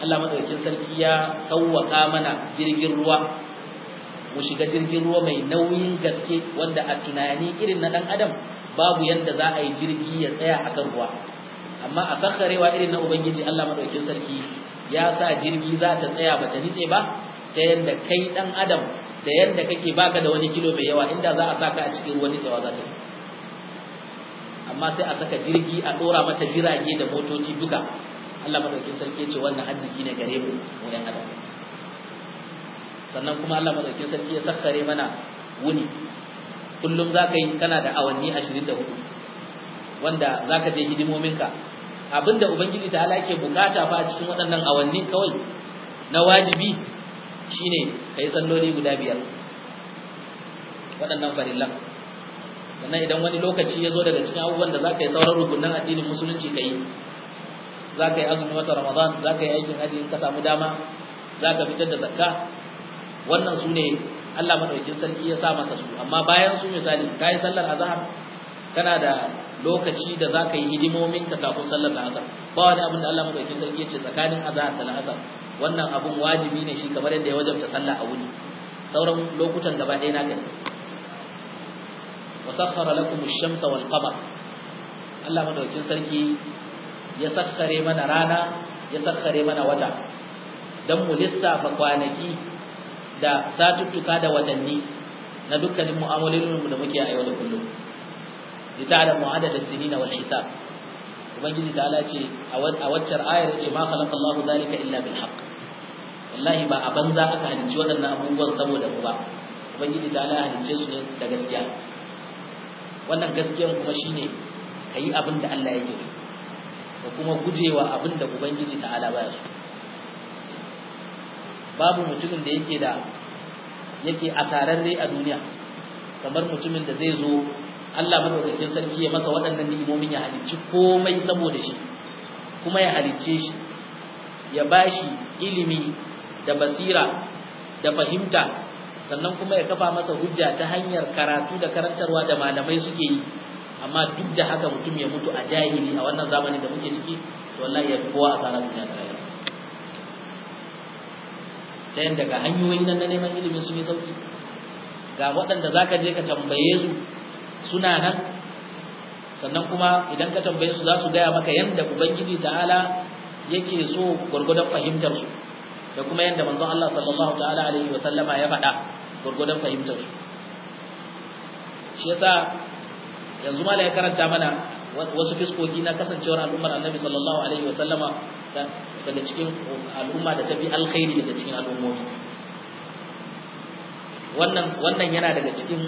Allah madaukakin sarki ya sawwaka mana jirgin ruwa mu shiga jirgin ruwa mai nauyin gaske wanda a tunani irin na dan adam babu yadda za a yi jirgi ya tsaya a kan ruwa amma a sakarewa irin na ubangiji Allah madaukakin sarki ya sa jirgi za ta tsaya bata nitse ba ta yanda kai dan adam da yadda kake baka da wani kilo mai yawa inda za a saka a cikin ruwa nitsewa za ta amma sai a saka jirgi a dora mata jirage da motoci duka Allah madaukin sarki ce wannan arziki ne gare mu mu yan adam sannan kuma Allah madaukin sarki ya sakkare mana wuni kullum zaka yi kana da awanni da 24 wanda zaka je ka, abinda ubangiji ta ala yake bukata fa a cikin waɗannan awanni kawai na wajibi shine kai salloli guda biyar waɗannan farillan sannan idan wani lokaci ya zo daga cikin abubuwan da zaka yi sauran rukunin addinin musulunci kai za ka yi azumin wata ramadan za ka yi aikin haji in ka samu dama za ka fitar da zakka wannan su ne Allah madaukakin sarki ya sa maka su amma bayan su misali ka yi sallar azhar kana da lokaci da za ka yi hidimomin ka kafin sallar asar ba wani abin da Allah madaukakin sarki ya ce tsakanin azhar da asar wannan abun wajibi ne shi kamar yadda ya wajabta sallah a wuni sauran lokutan gaba ɗaya na gani wasakhara lakum ash-shamsa wal qamar Allah madaukakin sarki ya sakkare mana rana ya sakkare mana wata don mu lissafa kwanaki da satuttuka da watanni na dukkanin mu'amalolinmu da muke a yau da kullum lita'lamu adada sinina wal hisab ubangiji ta ce a waccar ayar ce ma khalaqa Allah zalika illa bil haqq wallahi ba a banza aka halicci waɗannan abubuwan saboda mu ba ubangiji ta halicce su ne da gaskiya wannan gaskiyar kuma shine kayi abin da Allah yake so da kuma gujewa abinda da ubangiji ta'ala baya babu mutumin da yake da yake asararre a duniya kamar mutumin da zai zo Allah madaukakin sarki ya masa waɗannan ni'imomin ya halicci komai saboda shi kuma ya halicce shi ya bashi ilimi da basira da fahimta sannan kuma ya kafa masa hujja ta hanyar karatu da karantarwa da malamai suke yi amma duk da haka mutum ya mutu a jahili a wannan zamani da muke ciki wallahi ya kowa kowa asara duniya da rayuwa yadda daga hanyoyin nan na neman ilimi sun yi sauki ga waɗanda za ka je ka tambaye su suna nan sannan kuma idan ka tambaye su za su gaya maka yadda ubangiji ta'ala yake so gwargwadon fahimtar su da kuma yadda manzon Allah sallallahu ta'ala alaihi wa sallama ya faɗa gwargwadon fahimtar su shi yasa yanzu mala ya karanta mana wasu fiskoki na kasancewar al'ummar annabi sallallahu alaihi wa sallama daga cikin al'umma da ta bi alkhairi daga cikin al'ummomi wannan wannan yana daga cikin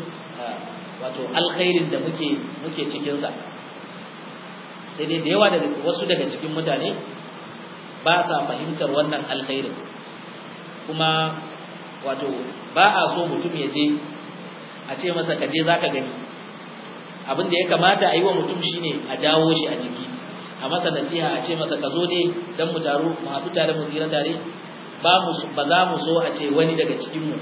wato alkhairin da muke muke cikin sa sai dai da yawa daga wasu daga cikin mutane ba sa fahimtar wannan alkhairin kuma wato ba a so mutum ya je a ce masa kaje zaka gani abin da ya kamata a yi wa mutum shi ne a dawo shi a jiki a masa nasiha a ce masa ka zo ne don mu taru mu haɗu tare mu tsira tare ba za mu so a ce wani daga cikinmu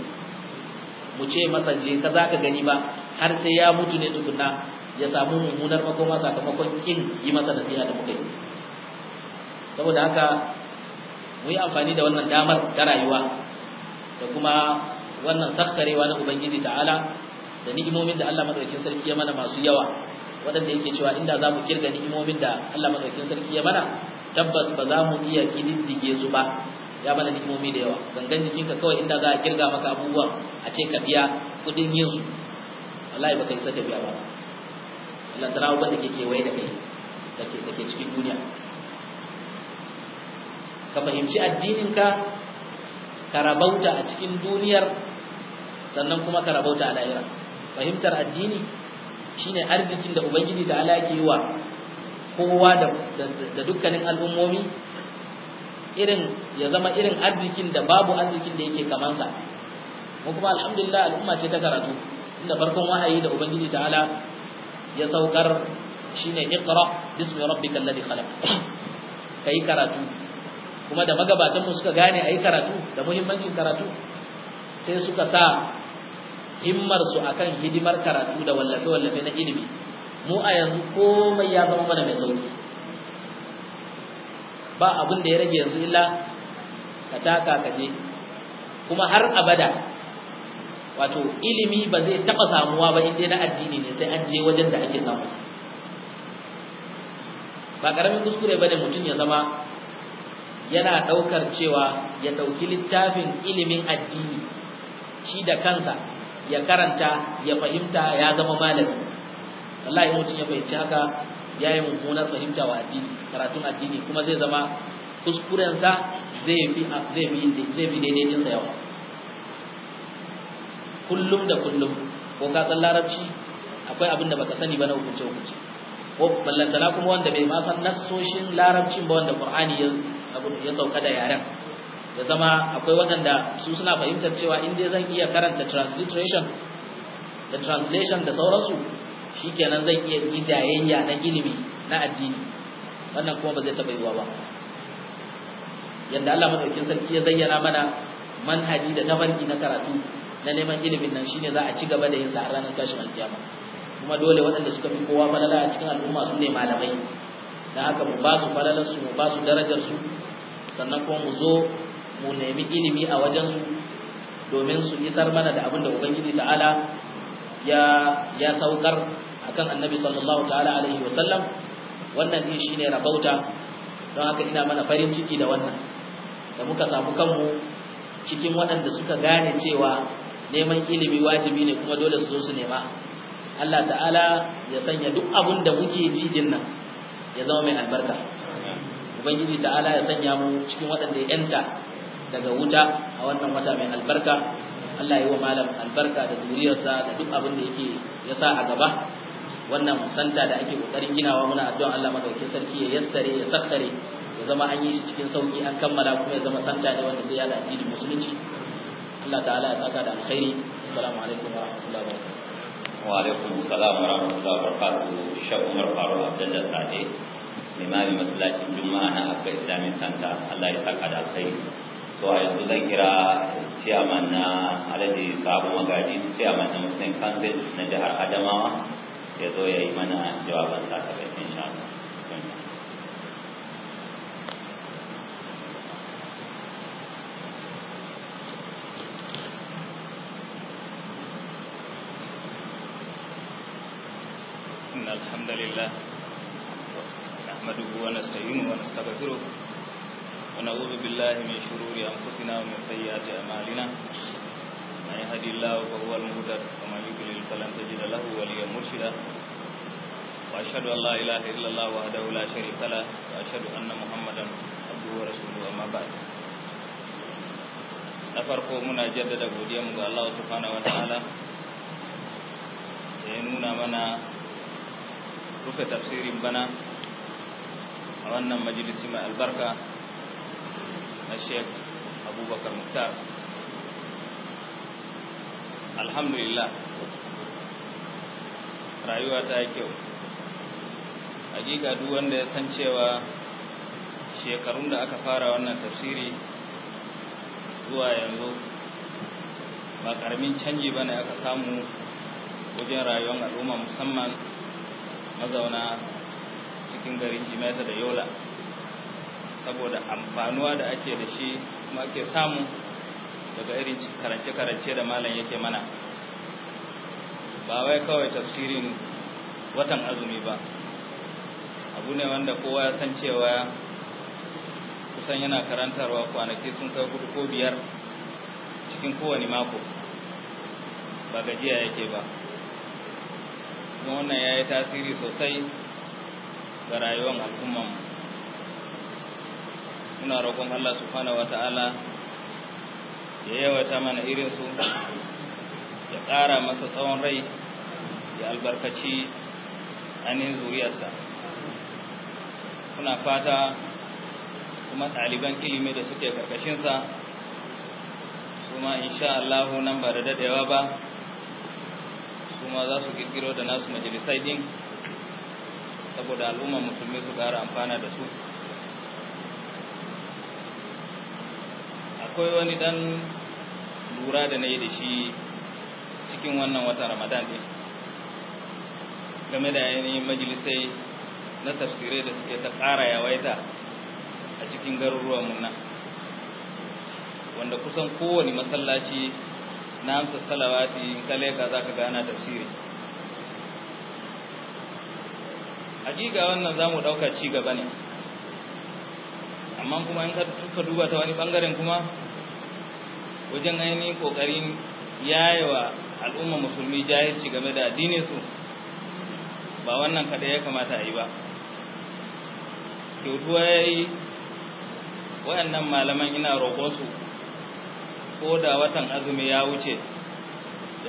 mu ce masa je ka za ka gani ba har sai ya mutu ne tukunna ya samu mummunar makoma sakamakon kin yi masa nasiha da muka yi saboda haka mu yi amfani da wannan damar ta rayuwa da kuma wannan sakkarewa na ubangiji ta'ala da ni'imomin da Allah madaukakin sarki ya mana masu yawa waɗanda yake cewa inda za mu kirga ni'imomin da Allah madaukakin sarki ya mana tabbas ba za mu iya kididdige su ba ya mana ni'imomi da yawa gangan jikinka kawai inda za a kirga maka abubuwan a ce ka biya kuɗin yin su wallahi baka isa ka biya ba Allah tsara rawo da ke kewaye da kai da ke cikin duniya ka fahimci addininka ka rabauta a cikin duniyar sannan kuma ka rabauta a lahira fahimtar addini shine arzikin da ubangiji da alaƙi yi wa kowa da dukkanin al'ummomi irin ya zama irin arzikin da babu arzikin da yake kamansa mu kuma alhamdulillah al'umma ce ta karatu inda farkon wahayi da ubangiji ta'ala ya saukar shine iqra bismi rabbikal ladhi khalaq kai karatu kuma da magabatan mu suka gane ayi karatu da muhimmancin karatu sai suka sa himmar su akan hidimar karatu da wallafe wallafe na ilimi mu a yanzu komai ya zama mana mai sauki ba abin da ya rage yanzu illa ka taka je kuma har abada wato ilimi ba zai taba samuwa ba inda na addini ne sai an je wajen da ake samu sa ba karamin kuskure bane mutum ya zama yana ɗaukar cewa ya ɗauki littafin ilimin addini shi da kansa ya karanta ya fahimta ya zama malami wallahi mutum ya fahimci haka ya yi mummunar fahimta wa addini karatun addini kuma zai zama kuskurensa zai fi zai fi zai fi daidai ɗinsa yawa kullum da kullum ko ka san larabci akwai abin da baka sani ba na hukunce hukunce ko ballantana kuma wanda bai ma san nasoshin larabcin ba wanda qur'ani ya sauka da yaren Da zama akwai waɗanda su suna fahimtar cewa in dai zan iya karanta transliteration da translation da sauransu kenan zan iya yi jayayya na ilimi na addini wannan kuma ba zai taɓa yiwa ba yadda Allah madaukin sarki ya zayyana mana manhaji da tafarki na karatu na neman ilimin nan shine za a ci gaba da yin sa a ranar tashin alkiyama kuma dole waɗanda suka fi kowa falala a cikin al'umma su ne malamai dan haka mu ba su falalar su mu ba su darajar su sannan kuma mu zo mu nemi ilimi a wajen domin su isar mana da abin da ubangiji ta'ala ya ya saukar akan annabi sallallahu ta'ala alaihi wasallam wannan din shine rabauta don haka ina mana farin ciki da wannan da muka samu kanmu cikin waɗanda suka gane cewa neman ilimi wajibi ne kuma dole su zo su nema Allah ta'ala ya sanya duk abin da muke ji din nan ya zama mai albarka ubangiji ta'ala ya sanya mu cikin waɗanda ya yanta daga wuta a wannan wata mai albarka Allah ya yi wa malam albarka da zuriyarsa da duk abin da yake ya sa a gaba wannan santa da ake kokarin ginawa muna addu'a Allah madaukakin sarki ya yassare ya sassare, ya zama an yi shi cikin sauki an kammala kuma ya zama santa ne wanda zai yada addinin musulunci Allah ta'ala ya saka da alkhairi assalamu alaikum wa rahmatullahi wa barakatuh wa alaikum assalam wa rahmatullahi wa barakatuh sha Umar Faruk Abdullah Sade limamin masallacin Juma'a na Abba Islamic Center Allah ya saka da alkhairi 所以都在给他写满呐，阿拉的沙布嘛，该去写满呐，我们看这那家阿家妈妈，也都也满呐，就阿们大家来分享。الحمد لله نحمده ونستعينه ونستغفره ونعوذ بالله من شرور أنفسنا ومن سيئات أعمالنا من يهدي الله فهو المهتد ومن يضلل فلن تجد له وليا مرشدا وأشهد أن لا إله إلا الله وحده لا شريك له وأشهد أن محمدا عبده ورسوله أما بعد na من muna jaddada godiyanmu ga Allah subhanahu wataala da ya nuna mana rufe tafsirin bana a na sheikh abubakar muktar alhamdulillah rayuwa ta yi kyau hakika duk wanda ya san cewa shekarun da aka fara wannan tafsiri zuwa yanzu ba karamin canji ba ne aka samu wajen rayuwar al'umma musamman mazauna cikin garin jimeta da yola saboda amfanuwa da ake da shi kuma ake samu daga irin karance-karance da malam yake mana ba wai kawai tafsirin watan azumi ba abu ne wanda kowa ya san cewa kusan yana karantarwa kwanaki sun kai hudu ko biyar cikin kowane mako ba gajiya yake ba kuma wannan ya yi tasiri sosai ga rayuwar al'ummarmu muna roƙon Allah subhanahu ta'ala ya yawata mana irin su ya ƙara masa tsawon rai ya albarkaci anin zuriyarsa kuna fata kuma ɗaliban ilimi da suke ƙarƙashinsa su ma sha Allah nan ba da daɗewa ba su ma za su ƙirƙiro da nasu majalisai din saboda al'ummar musulmi su ƙara amfana da su akwai wani dan lura da na yi da shi cikin wannan watan ramadan din game da yanayin majalisai na tafsirai da suke ta ƙara yawaita a cikin garuruwan munna wanda kusan kowane masallaci na amsa salawati in ka za ka gana tafsiri hakika wannan za mu ɗauka ci gaba ne amma kuma in ka duba ta wani bangaren kuma wajen ainihin kokarin yayewa al'umma musulmi jahilci game da su, ba wannan kada ya kamata a yi ba kyautuwa ya yi waɗannan malaman ina roƙonsu ko da watan azumi ya wuce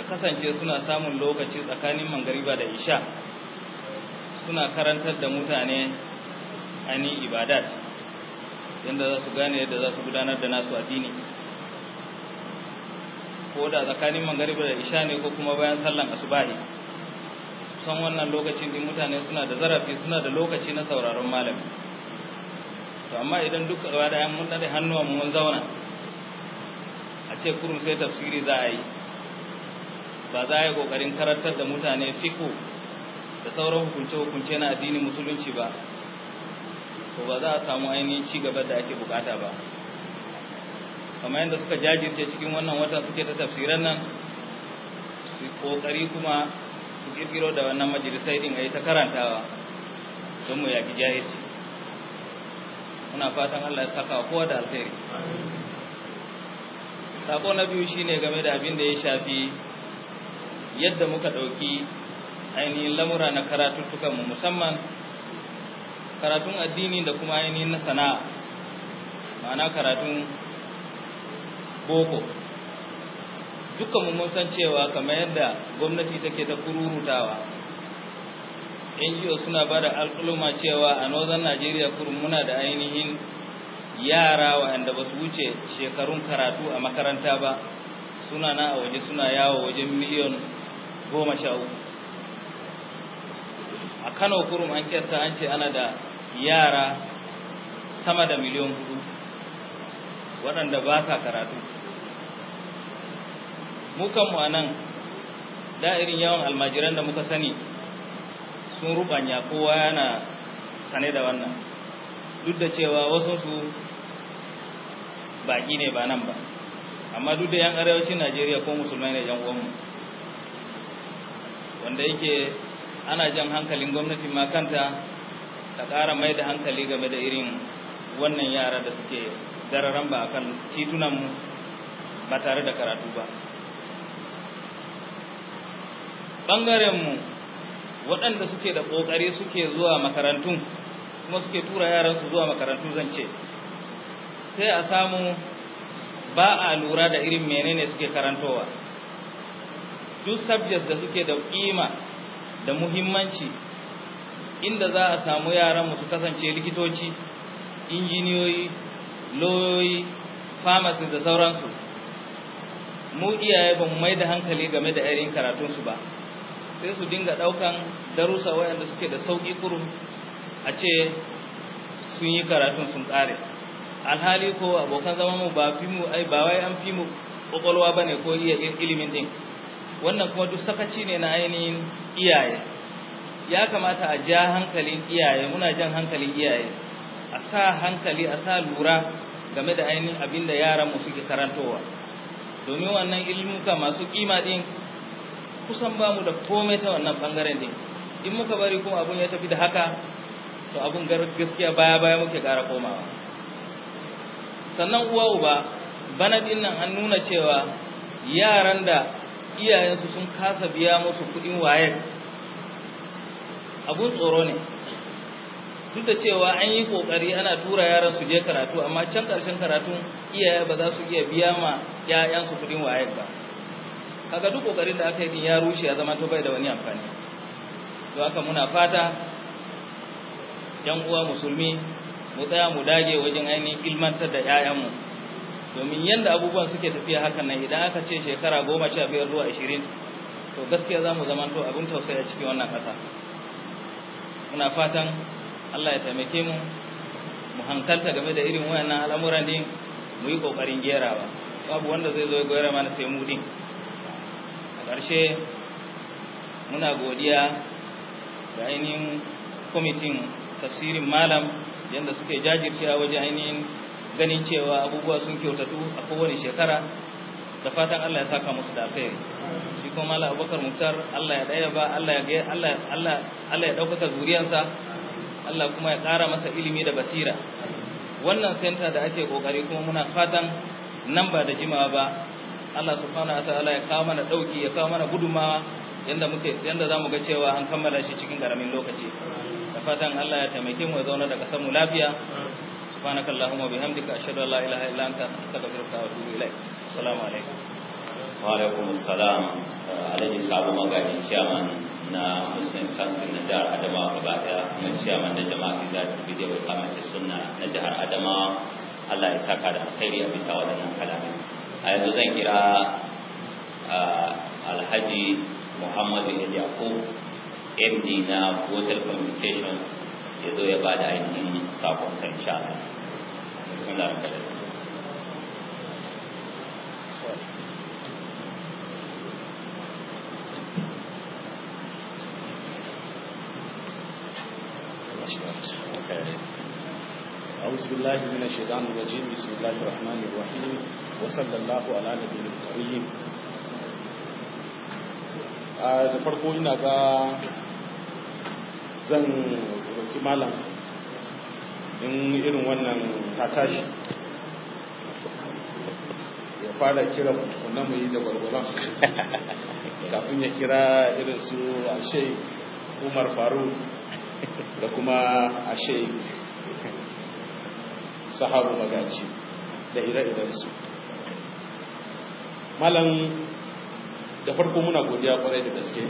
ya kasance suna samun lokaci tsakanin mangariba da isha suna karantar da mutane ani ibadat yadda za su gane yadda za su gudanar da nasu addini ko da tsakanin magariba da isha ne ko kuma bayan sallan asubahi son wannan lokacin din mutane suna da zarafi suna da lokaci na sauraron malami to amma idan duk gaba da mun dade hannuwa mun zauna a ce kurun sai tafsiri za a yi ba za a yi kokarin karantar da mutane fiko da sauran hukunce hukunce na addinin musulunci ba to ba za a samu ainihin ci gaba da ake bukata ba kamar yadda suka jajirce cikin wannan watan suke ta tafsirar nan su kokari kuma su kirkiro da wannan majalisai din ayi ta karantawa don mu yaki jahilci muna fatan Allah ya saka kowa da alheri sako na biyu shine game da abin da ya shafi yadda muka ɗauki ainihin lamura na karatuttukan mu musamman karatun addini da kuma ainihin na sana'a ma'ana karatun boko dukkan mun san cewa kamar yadda gwamnati take ta kururutawa NGO suna ba da alƙuluma cewa a Northern Nigeria kurum muna da ainihin yara waɗanda ba su wuce shekarun karatu a makaranta ba suna na a waje suna yawo wajen miliyon goma sha uku a Kano kurum an kyasa an ce ana da yara sama da miliyan hudu waɗanda ba sa karatu mukanmu a nan da'irin yawan almajiran da muka sani sun rubanya kowa yana sane da wannan duk da cewa wasu su baƙi ne ba nan ba amma duk da yan arewacin najeriya ko musulmai ne yan uwanmu wanda yake ana jan hankalin gwamnati ma kanta ka ƙara mai da hankali game da irin wannan yara da suke gararan ba a kan titunanmu ba tare da karatu ba ɓangarenmu waɗanda suke da ƙoƙari suke zuwa makarantun kuma suke tura yaransu zuwa makarantu zan ce sai a samu ba a lura da irin menene suke karantowa duk subject da suke da kima da muhimmanci inda za a samu yaran mu su kasance likitoci injiniyoyi loyoyi pharmacy da sauransu mu iyaye ba mu mai da hankali game da yarin karatunsu ba sai su dinga ɗaukan darussa wayanda suke da sauƙi kurum a ce sun yi karatun sun kare alhali ko abokan zama mu ba fi mu ai ba wai an fi mu ƙwaƙwalwa ba ne ko iya ilimin ɗin wannan kuma duk sakaci ne na ainihin iyaye ya kamata a ja hankalin iyaye muna jan hankalin iyaye a sa hankali a sa lura game da ainihin abin da yaranmu suke karantowa domin wannan ilmuka masu kima din kusan ba mu da komai ta wannan bangaren din in muka bari kuma abun ya tafi da haka to abun gaskiya baya baya muke ƙara komawa sannan uwa uba bana din nan an nuna cewa yaran da iyayensu sun kasa biya musu kuɗin wayar abun tsoro ne duk da cewa an yi kokari ana tura yaran su je karatu amma can karshen karatun iyaye ba za su iya biya ma yayan su kudin waye ba kaga duk kokarin da aka yi ya rushe ya zama to bai da wani amfani to haka muna fata yan uwa musulmi mu tsaya mu dage wajen ainihin ilmantar da yayanmu domin yadda abubuwan suke tafiya hakan nan idan aka ce shekara goma sha biyar zuwa ashirin to gaskiya za mu zama abin tausayi a cikin wannan ƙasa muna fatan Allah ya taimake mu mu hankalta game da irin wayannan al'amuran din mu yi kokarin gerawa babu wanda zai zo ya goyara mana sai mu din a ƙarshe muna godiya ga ainihin kwamitin tafsirin malam yadda suke a wajen ainihin ganin cewa abubuwa sun kyautatu a kowane shekara da fatan Allah ya saka musu da alkhairi shi kuma Malam Abubakar Muktar Allah ya daya ba Allah ya Allah Allah Allah ya dauka zuriyarsa Allah kuma ya ƙara masa ilimi da basira wannan center da ake kokari kuma muna fatan nan ba da jimawa ba Allah subhanahu ta'ala ya kawo mana dauki ya kawo mana gudumawa yanda muke yanda zamu ga cewa an kammala shi cikin karamin lokaci da fatan Allah ya taimake mu ya zauna da kasar mu lafiya سبحانك اللهم وبحمدك أشهد أن لا إله إلا أنت أستغفرك وأتوب إليك السلام عليكم وعليكم السلام عليه السلام مغادي chairman na Muslim na jihar Adamawa gaba daya kuma chairman na jama'a za ta bi da kamata sunna na jihar adama Allah ya da alkhairi a bisa waɗannan kalamai a zan uh, Alhaji muhammadu Yakub MD na Hotel Communication ya zo ya bada ainihin sakon sa insha Allah bismillah أعوذ بالله من الشيطان الرجيم بسم الله الرحمن الرحيم وصلى الله على نبينا الكريم da farko ina ga zan roki malam in irin wannan ta tashi ya fara kira kuna mu yi da gwargwaron kafin ya kira irin su ashe umar faruk da kuma ashe sahabu magaci da ire su. malam da farko muna godiya kwarai da gaske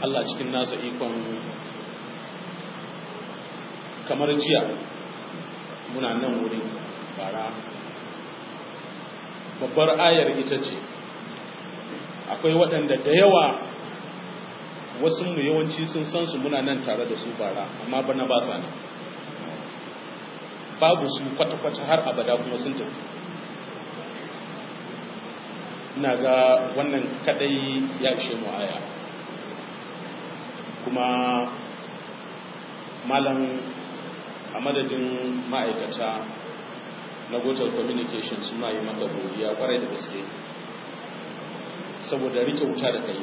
Allah cikin nasa ikon kamar jiya muna nan wuri bara babbar ayar ita ce akwai waɗanda da yawa wasu mu yawanci sun san su muna nan tare da su bara amma bana ba sa ne, babu su kwata-kwata har abada kuma sun tafi ina ga wannan kadai ya ishe mu aya kuma malam a madadin ma'aikata na gotar communication suna yi maka godiya kwarai da gaske saboda rike wuta da kai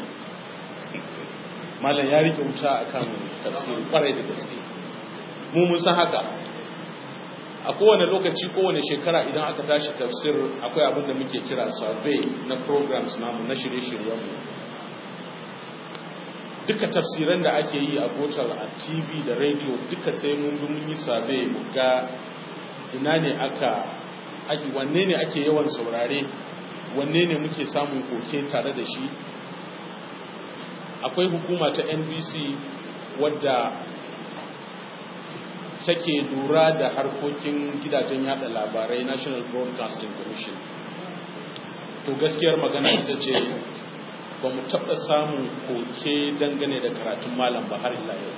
malam ya rike wuta akan tafsir kwarai da gaske mu mun san haka a kowane lokaci kowane shekara idan aka tashi tafsir akwai abin da muke kira survey na programs namu na shirye-shiryenmu duka tafsiran da ake yi a portal a tv da radio duka sai mun bi mun yi sabe mu ga ina ne aka ake wanne ne ake yawan saurare wanne ne muke samun koke tare da shi akwai hukuma ta nbc wadda take lura da harkokin gidajen yada labarai national broadcasting commission to gaskiyar magana ita ce ba mu taɓa samun koke dangane da karatun malam ba har ila yau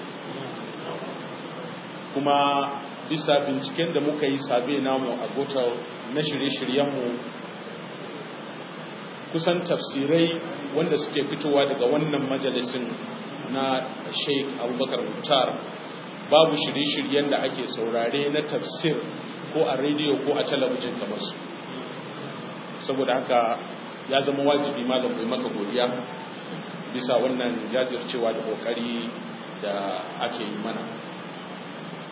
kuma bisa binciken da muka yi sabe namu a gotar na shirye-shiryenmu kusan tafsirai wanda suke fitowa daga wannan majalisin na sheikh abubakar mutar babu shirye-shiryen da ake saurare na tafsir ko a rediyo ko a talabijin kamar su saboda haka ya zama wajibi malam mai maka godiya bisa wannan jajircewa da kokari da ake yi mana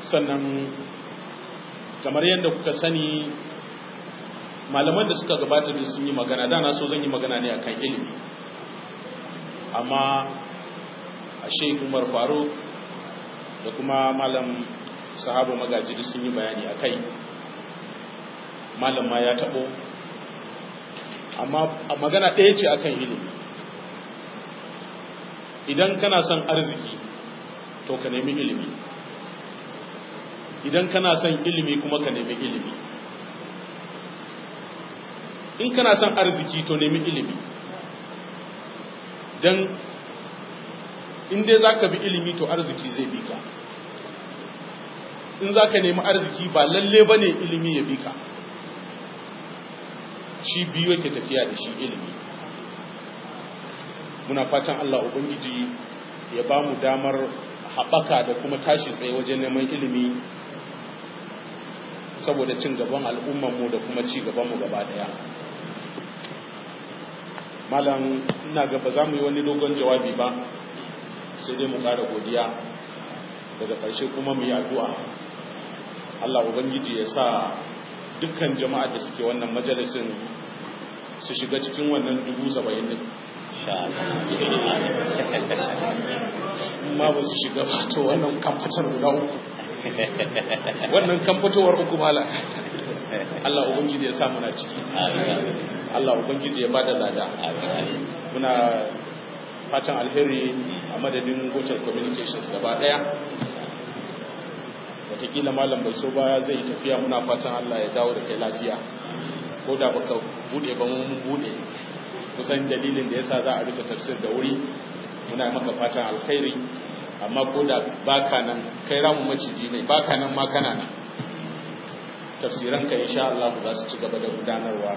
sannan kamar yadda kuka sani malaman da suka gabata da sun yi magana dana so zan yi magana ne akan ilimi amma a umar faruk da kuma malam sahabu magaji da sun yi bayani a kai malam ma ya taɓo amma magana ɗaya ce akan ilimi idan kana son arziki to ka nemi ilimi idan kana son ilimi kuma ka nemi ilimi in kana son arziki to nemi ilimi don in dai za ka bi ilimi to arziki zai bi ka in za ka nemi arziki ba lalle ba ne ilimi ya bi ka shi biyu yake tafiya da shi ilimi muna fatan Allah ubangiji ya ba mu damar haɓaka da kuma tashi tsaye wajen neman ilimi saboda cin gaban mu da kuma ci gabanmu gaba ɗaya malam ina ga ba za mu yi wani dogon jawabi ba sai dai mu ƙara godiya daga ƙarshe kuma mu yi addu'a Allah ubangiji ya sa dukkan jama'ar da suke wannan majalisin su shiga cikin wannan dubu saba'in din ma ba su shiga ba wannan kamfatar guda uku wannan kamfatowar uku bala Allah ubangiji ya sa muna ciki Allah ubangiji ya bada lada muna fatan alheri a madadin gotar communications gaba daya watakila malam bai so baya zai tafiya muna fatan Allah ya dawo da kai lafiya ko da baka bude ba mun bude kusan dalilin da yasa za a rufe tafsir da wuri muna maka fatan alkhairi amma ko da baka nan kai ramu maciji ne baka nan ma kana nan tafsiran ka insha Allah za su ci gaba da gudanarwa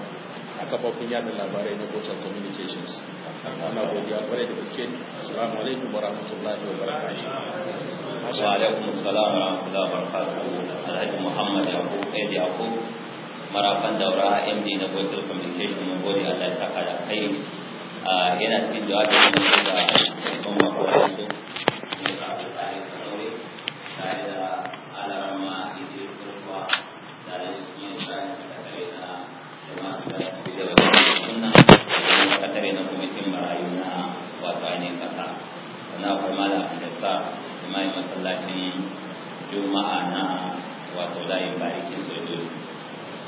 a kafofin yada labarai na Gotham Communications Allah godiya kwarai da gaske assalamu alaikum wa rahmatullahi wa barakatuh alaikum assalam wa rahmatullahi wa barakatuh alhaji muhammad yaqub ed yaqub marafan daura md na gotel communication mun gode allah ya saka da kai yana cikin jawabi da babban makonan su tare da alarama idris da su yin tsarin na jama'a da suna na kwamitin marayu na wato ainihin kasa na kuma da sa imai masallacin juma'a na wato layin barikin sojoji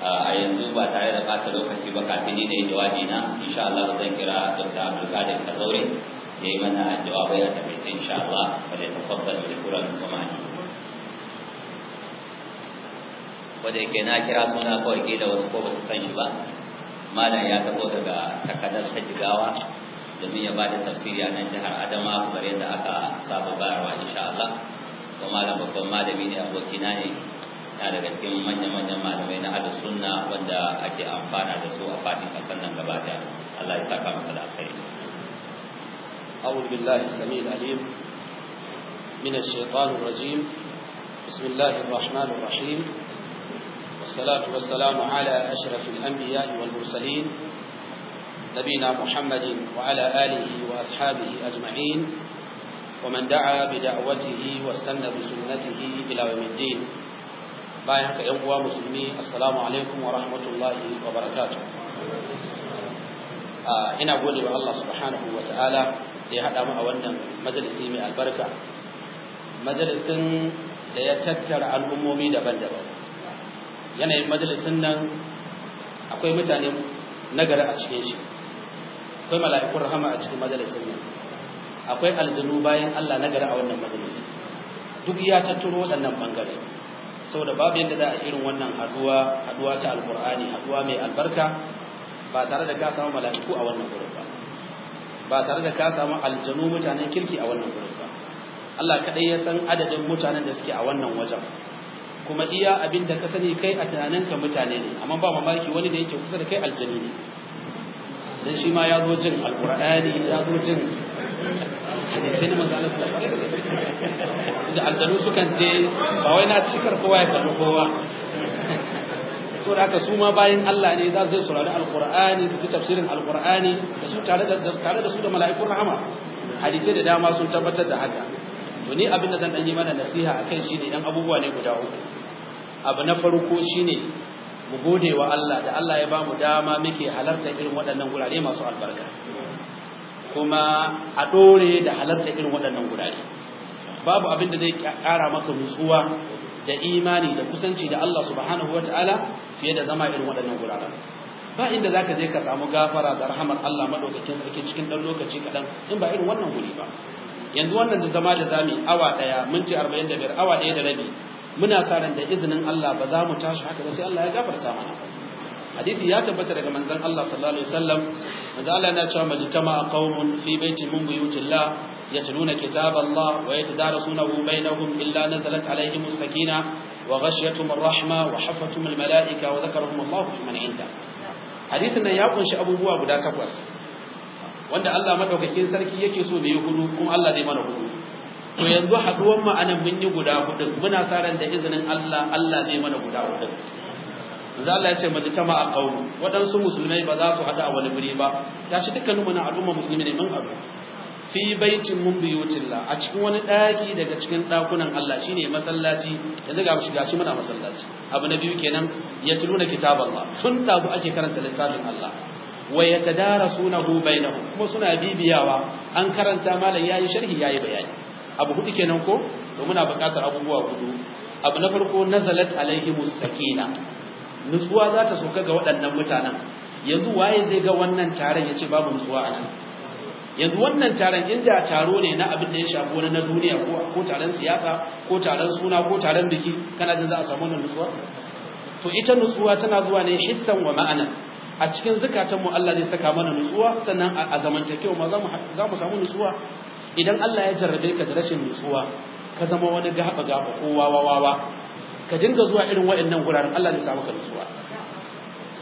a yanzu ba tare da ɓata lokaci ba kafin ni da yi jawabi na insha Allah zan kira Dr. Abdulkadir Kazaure ya yi mana jawabai a sai insha Allah ba ta tafafar da kuran kumani wadda yake na kira suna kawai ke da wasu ko ba su san shi ba malam ya tabo daga takardar ta jigawa domin ya ba da tafsiri a nan jihar Adama kamar yadda aka saba bayarwa insha Allah kuma malam babban malami ne abokina ne na daga cikin manya-manyan malamai na hada sunna wanda ake amfana da su a fadin ƙasar nan gaba da Allah ya saka masa da alkhairi أعوذ بالله السميع العليم من الشيطان الرجيم بسم الله الرحمن الرحيم والصلاة والسلام على أشرف الأنبياء والمرسلين نبينا محمد وعلى آله وأصحابه أجمعين ومن دعا بدعوته واستنى بسنته إلى يوم الدين bayan haka yan uwa musulmi assalamu alaikum wa rahmatullahi wa barakatuh ina gode wa Allah subhanahu wa ta'ala da ya haɗa mu a wannan majalisi mai albarka majalisin da ya tattara al'ummomi daban-daban yanayin majalisin nan akwai mutane nagari a cikin shi akwai mala'ikun rahama a cikin majalisin nan akwai aljinu bayan Allah nagari a wannan majalisi duk ya tattaro waɗannan bangare saboda babu yadda za a irin wannan haduwa haduwa ta alqur'ani haduwa mai albarka ba tare da ka samu mala'iku a wannan gurin ba ba tare da ka samu aljanu mutanen kirki a wannan gurin ba Allah kadai ya san adadin mutanen da suke a wannan wajen kuma iya abin da ka sani kai a tunaninka mutane ne amma ba mamaki wani da yake kusa da kai aljanu ne dan shi ma ya zo jin alqur'ani ya zo jin sai na manzo Allah da aljanu sukan je ba wai na cikar kowa ya kalli kowa saboda haka su ma bayan Allah ne za su saurari alqur'ani su tafsirin alqur'ani da su tare da tare da su da mala'ikun rahama hadisai da dama sun tabbatar da haka to ni abin da zan dan yi mana nasiha akan ne, dan abubuwa ne guda uku abu na farko shine mu gode wa Allah da Allah ya ba mu dama muke halarta irin waɗannan gurare masu albarka kuma a ɗore da halarta irin waɗannan gurare babu abin da zai ƙara maka nutsuwa da imani da kusanci da Allah subhanahu Ta'ala fiye da zama irin waɗannan guraren ba inda ka je ka samu gafara da rahamar Allah maɗaukakin sarki cikin ɗan lokaci kaɗan, in ba irin wannan guri ba yanzu wannan da zama da zami awa ɗaya minti biyar awa ɗaya da rabi muna sa ran da izinin Allah ba za mu tashi haka ba sai Allah ya gafarta mana hadisi ya tabbata daga manzon Allah sallallahu alaihi wasallam manzo Allah yana cewa majtama qaumun fi baitin min buyutillah yatluna kitaballah wa yatadarasunahu bainahum illa nazalat alaihim as-sakina wa ghashiyatuhum ar-rahma wa hafatuhum al-malaika wa dhakarahum Allah fi man 'inda hadisin nan ya kunshi abubuwa guda takwas wanda Allah madaukakin sarki yake so da hudu kuma Allah zai mana hudu to yanzu haduwan mu anan mun yi guda hudu muna sa ran da izinin Allah Allah zai mana guda hudu za Allah ya ce ma a kawo waɗansu musulmai ba za su hada a wani wuri ba Ya shi dukkanin numuna al'umma musulmi ne mun abu fi baitin mun buyutillah a cikin wani daki daga cikin ɗakunan Allah shine masallaci yanzu ga shiga shi muna masallaci abu na biyu kenan ya kitabar kitaballah tun tabu ake karanta littafin Allah wa yatadarasunahu bainahum kuma suna bibiyawa an karanta malam yayi sharhi yayi bayani abu hudu kenan ko to muna buƙatar abubuwa hudu abu na farko nazalat alaihi mustaqina nutsuwa za ta sauka ga waɗannan mutanen yanzu waye zai ga wannan taron ya ce babu nutsuwa a nan yanzu wannan taron inda taro ne na abin da ya shafi wani na duniya ko taron siyasa ko taron suna ko taron biki kana jin za a samu wannan nutsuwa to ita nutsuwa tana zuwa ne hissan wa ma'ana, a cikin mu Allah zai saka mana nutsuwa sannan a zamantakewa ma za mu samu nutsuwa idan Allah ya jarrabe ka da rashin nutsuwa ka zama wani gaba gaba ko wawa ka dinga zuwa irin waɗannan guraren Allah zai samu ka nutsuwa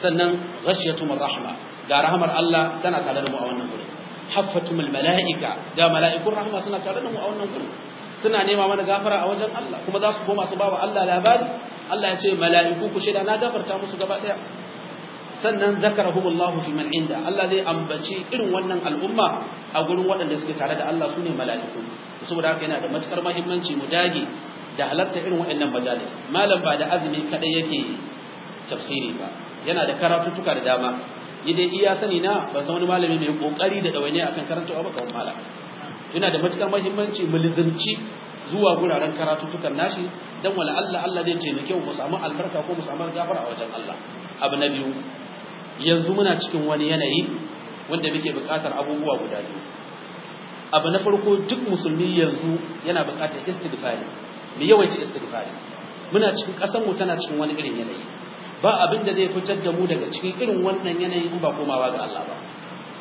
sannan ghashiyatu rahma ga rahmar Allah tana tare da mu a wannan gurin haffatumul mala'ika ga mala'ikun rahma suna tare da mu a wannan gurin suna nema mana gafara a wajen Allah kuma za su koma su bawa Allah labari Allah ya ce mala'iku ku shaida na gafarta musu gaba daya sannan zakarahumullahu fi man inda Allah zai ambaci irin wannan al'umma a gurin waɗanda suke tare da Allah sune mala'iku saboda haka yana da matukar muhimmanci mu dage da halarta irin waɗannan majalis malam ba da azumi kaɗai yake tafsiri ba yana da karatuttuka da dama ni dai iya sani na ba san wani malami mai kokari da dawaine akan karantawa ba bakawan mala yana da matukar muhimmanci mu zuwa guraren karatuttukan nashi dan wala Allah Allah zai taimake mu samu albarka ko mu samu gafara a wajen Allah abu na biyu yanzu muna cikin wani yanayi wanda muke buƙatar abubuwa guda biyu abu na farko duk musulmi yanzu yana buƙatar istighfari mu yawaita istighfari muna cikin kasan mu tana cikin wani irin yanayi ba abin da zai fitar da mu daga cikin irin wannan yanayi in ba komawa ga Allah ba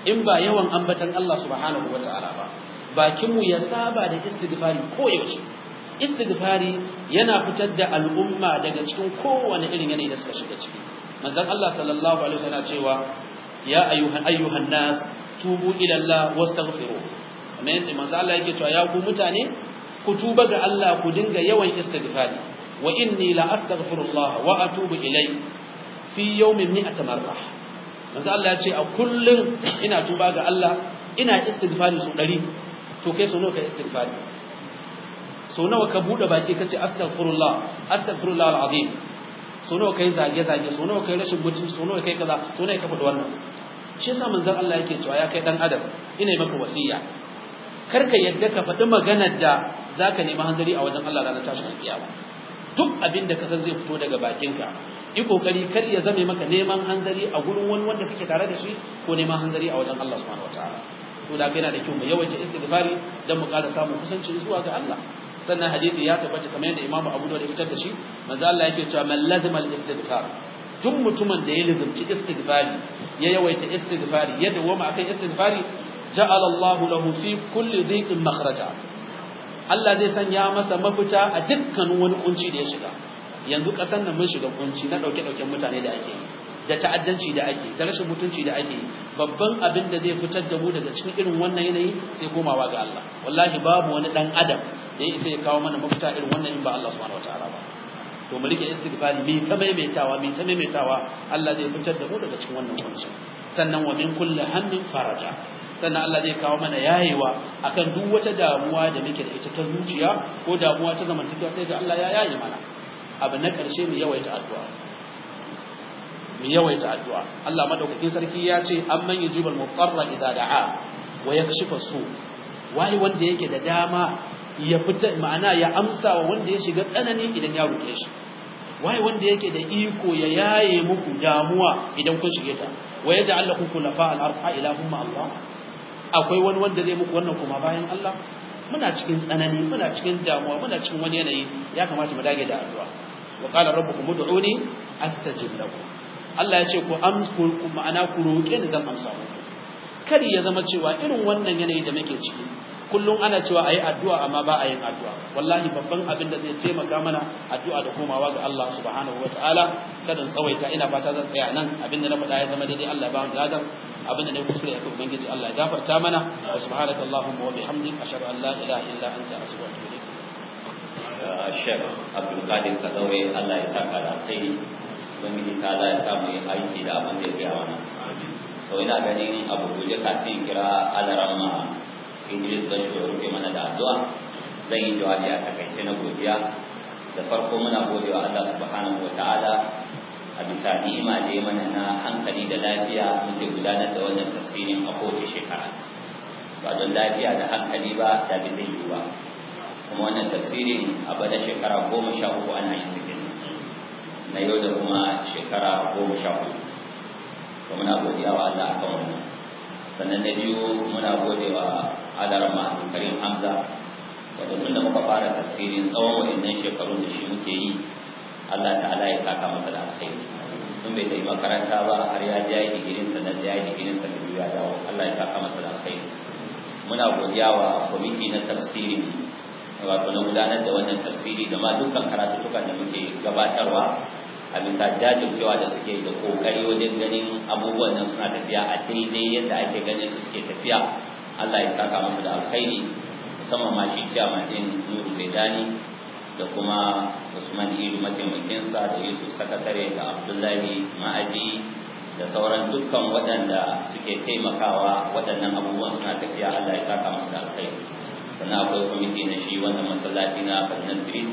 in ba yawan ambatan Allah subhanahu wataala ba bakin mu ya saba da istighfari ko yaushe istighfari yana fitar da al'umma daga cikin kowane irin yanayi da suka shiga ciki manzon Allah sallallahu alaihi wasallam cewa ya ayyuhan ayyuhan nas tubu ila Allah wastaghfiru kamar yadda manzo Allah yake cewa ya ku mutane ku tuba ga Allah ku dinga yawan istighfari wa inni la astaghfirullah wa atubu ilai fi yawmin mi'ata marra manzo Allah ya ce a kullun ina tuba ga Allah ina istighfari su 100 to kai so nawa ka istighfari so nawa ka bude baki kace astaghfirullah astaghfirullah alazim so nawa kai zage zage so nawa kai rashin mutunci so nawa kai kaza so nawa kai faɗi wannan shi yasa manzon Allah yake cewa ya kai dan adam ina yi maka wasiya karka yadda ka faɗi maganar da za ka nemi hanzari a wajen Allah ranar tashin kiyama duk abin da ka zai fito daga bakinka yi kokari kar ya zame maka neman hanzari a gurin wani wanda kake tare da shi ko neman hanzari a wajen Allah subhanahu wataala to da yana da kyau mu yawaita istighfari dan mu ƙara samun kusanci zuwa ga Allah sannan hadisi ya tabbata kamar yadda Imam Abu Dawud ya fitar da shi manzo Allah yake cewa man lazima al-istighfar duk mutumin da ya lizumci istighfari ya yawaita istighfari ya dawoma akai istighfari ja'ala Allahu lahu fi kulli dhiqin makhraja Allah zai san ya masa mafita a dukkanin wani kunci da ya shiga yanzu kasan nan mun shiga kunci na dauke ɗauken mutane da ake da ta'addanci da ake da rashin mutunci da ake babban abin da zai fitar da mu daga cikin irin wannan yanayi sai komawa ga Allah wallahi babu wani dan adam da ya isa ya kawo mana mafita irin wannan in ba Allah subhanahu wataala ba to mu rike istighfari mi ta maimaitawa mi ta maimaitawa Allah zai fitar da mu daga cikin wannan kunci sannan wa min kulli hammin faraja sannan Allah zai kawo mana yayewa akan duk wata damuwa da muke da ita ta zuciya ko damuwa ta zamantakewa sai da Allah ya yaye mana abu na karshe mu yawaita addu'a mu yawaita addu'a Allah madaukakin sarki ya ce amman yujibul mutarra idza da'a wa yakshifa su wai wanda yake da dama ya fita ma'ana ya amsa wa wanda ya shiga tsanani idan ya roƙe shi wai wanda yake da iko ya yaye muku damuwa idan kun shige ta wa yaj'al lakum khulafa al-ardh ilahumma Allah akwai wani wanda zai muku wannan kuma bayan Allah muna cikin tsanani muna cikin damuwa muna cikin wani yanayi ya kamata mu dage da addu'a wa qala rabbukum ud'uni astajib lakum Allah ya ce ku amsku ma'ana ku roƙe ni zan amsa muku kar ya zama cewa irin wannan yanayi da muke ciki kullum ana cewa ayi addu'a amma ba a yin addu'a wallahi babban abin da zai taimaka mana addu'a da komawa ga Allah subhanahu wataala kada tsawaita ina fata zan tsaya nan abin na faɗa ya zama daidai Allah ba mu abin da na kuskure ya ubangiji Allah ya gafarta mana wa subhanaka allahumma wa bihamdik ashhadu an la ilaha illa anta astaghfiruka wa atubu shek abdul qadir kadaure Allah ya saka da alkhairi ubangiji ta Allah ya samu mu aiki da abin da ya gaya mana so ina ganin abu guje kafin kira alarama Idris Bashir ya rufe mana da addu'a zan yi jawabi a takaice na godiya da farko muna godewa Allah subhanahu wa ta'ala a bisa ni'ima da ya mana na hankali da lafiya muke gudanar da wannan tafsirin a kowace shekara ba don lafiya da hankali ba da bi zai yi ba kuma wannan tafsirin a bada shekara goma sha uku ana yi sakin na yau da kuma shekara goma sha uku to muna godiya wa Allah akan wannan sannan na biyu muna gode wa alarma karim hamza wanda tun da muka fara tafsirin tsawon wa'annan shekarun da shi muke yi Allah ta'ala ya saka masa da alkhairi sun bai dai makaranta ba har ya ji digirin sa na ya digirin sa da ya dawo Allah ya saka masa da alkhairi muna godiya wa komiti na tafsiri wato na gudanar da wannan tafsiri da ma dukkan karatutukan da muke gabatarwa a bisa jajircewa da suke da kokari wajen ganin abubuwan nan suna tafiya a daidai yadda ake ganin su suke tafiya Allah ya saka masa da alkhairi musamman ma shi ciyaman din Nuru Zaidani da kuma Usman Ilu mataimakinsa da Yusuf sakatare da Abdullahi ma'aji da sauran dukkan waɗanda suke taimakawa waɗannan abubuwan suna tafiya Allah ya saka musu da alkhairi sannan akwai kwamiti na shi wannan masallaci na Kaduna Street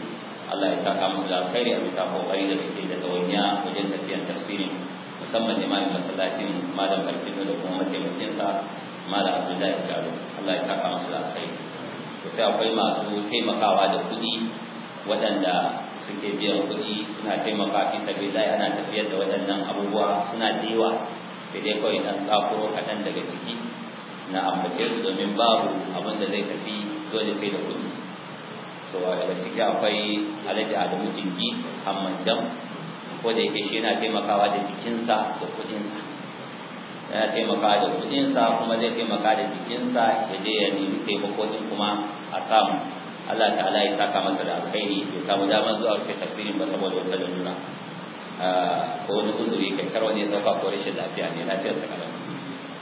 Allah ya saka musu da alkhairi a bisa kokari da suke da gawanya wajen tafiyar tafsirin musamman imamin masallacin malam Barkino da kuma mataimakinsa malam Abdullahi Jalo Allah ya saka musu da alkhairi sai akwai masu taimakawa da kuɗi waɗanda suke biyan kuɗi suna taimaka fi sabilillahi ana tafiyar da waɗannan abubuwa suna dewa sai dai kawai ɗan tsakuro kaɗan daga ciki na ambace su domin babu abin da zai tafi dole sai da kuɗi to daga ciki akwai a adamu jingi hamman jam ko da yake shi yana taimakawa da jikinsa da kuɗinsa yana taimakawa da kuɗinsa kuma zai taimaka da jikinsa ya je ya nemi taimako kuma a samu Allah ta'ala ya saka masa da alkhairi ya samu damar zuwa rufe tafsirin ba saboda wata lalura ah, ko wani uzuri kai kar wani zaka ko rashin lafiya ne lafiyar ta kalan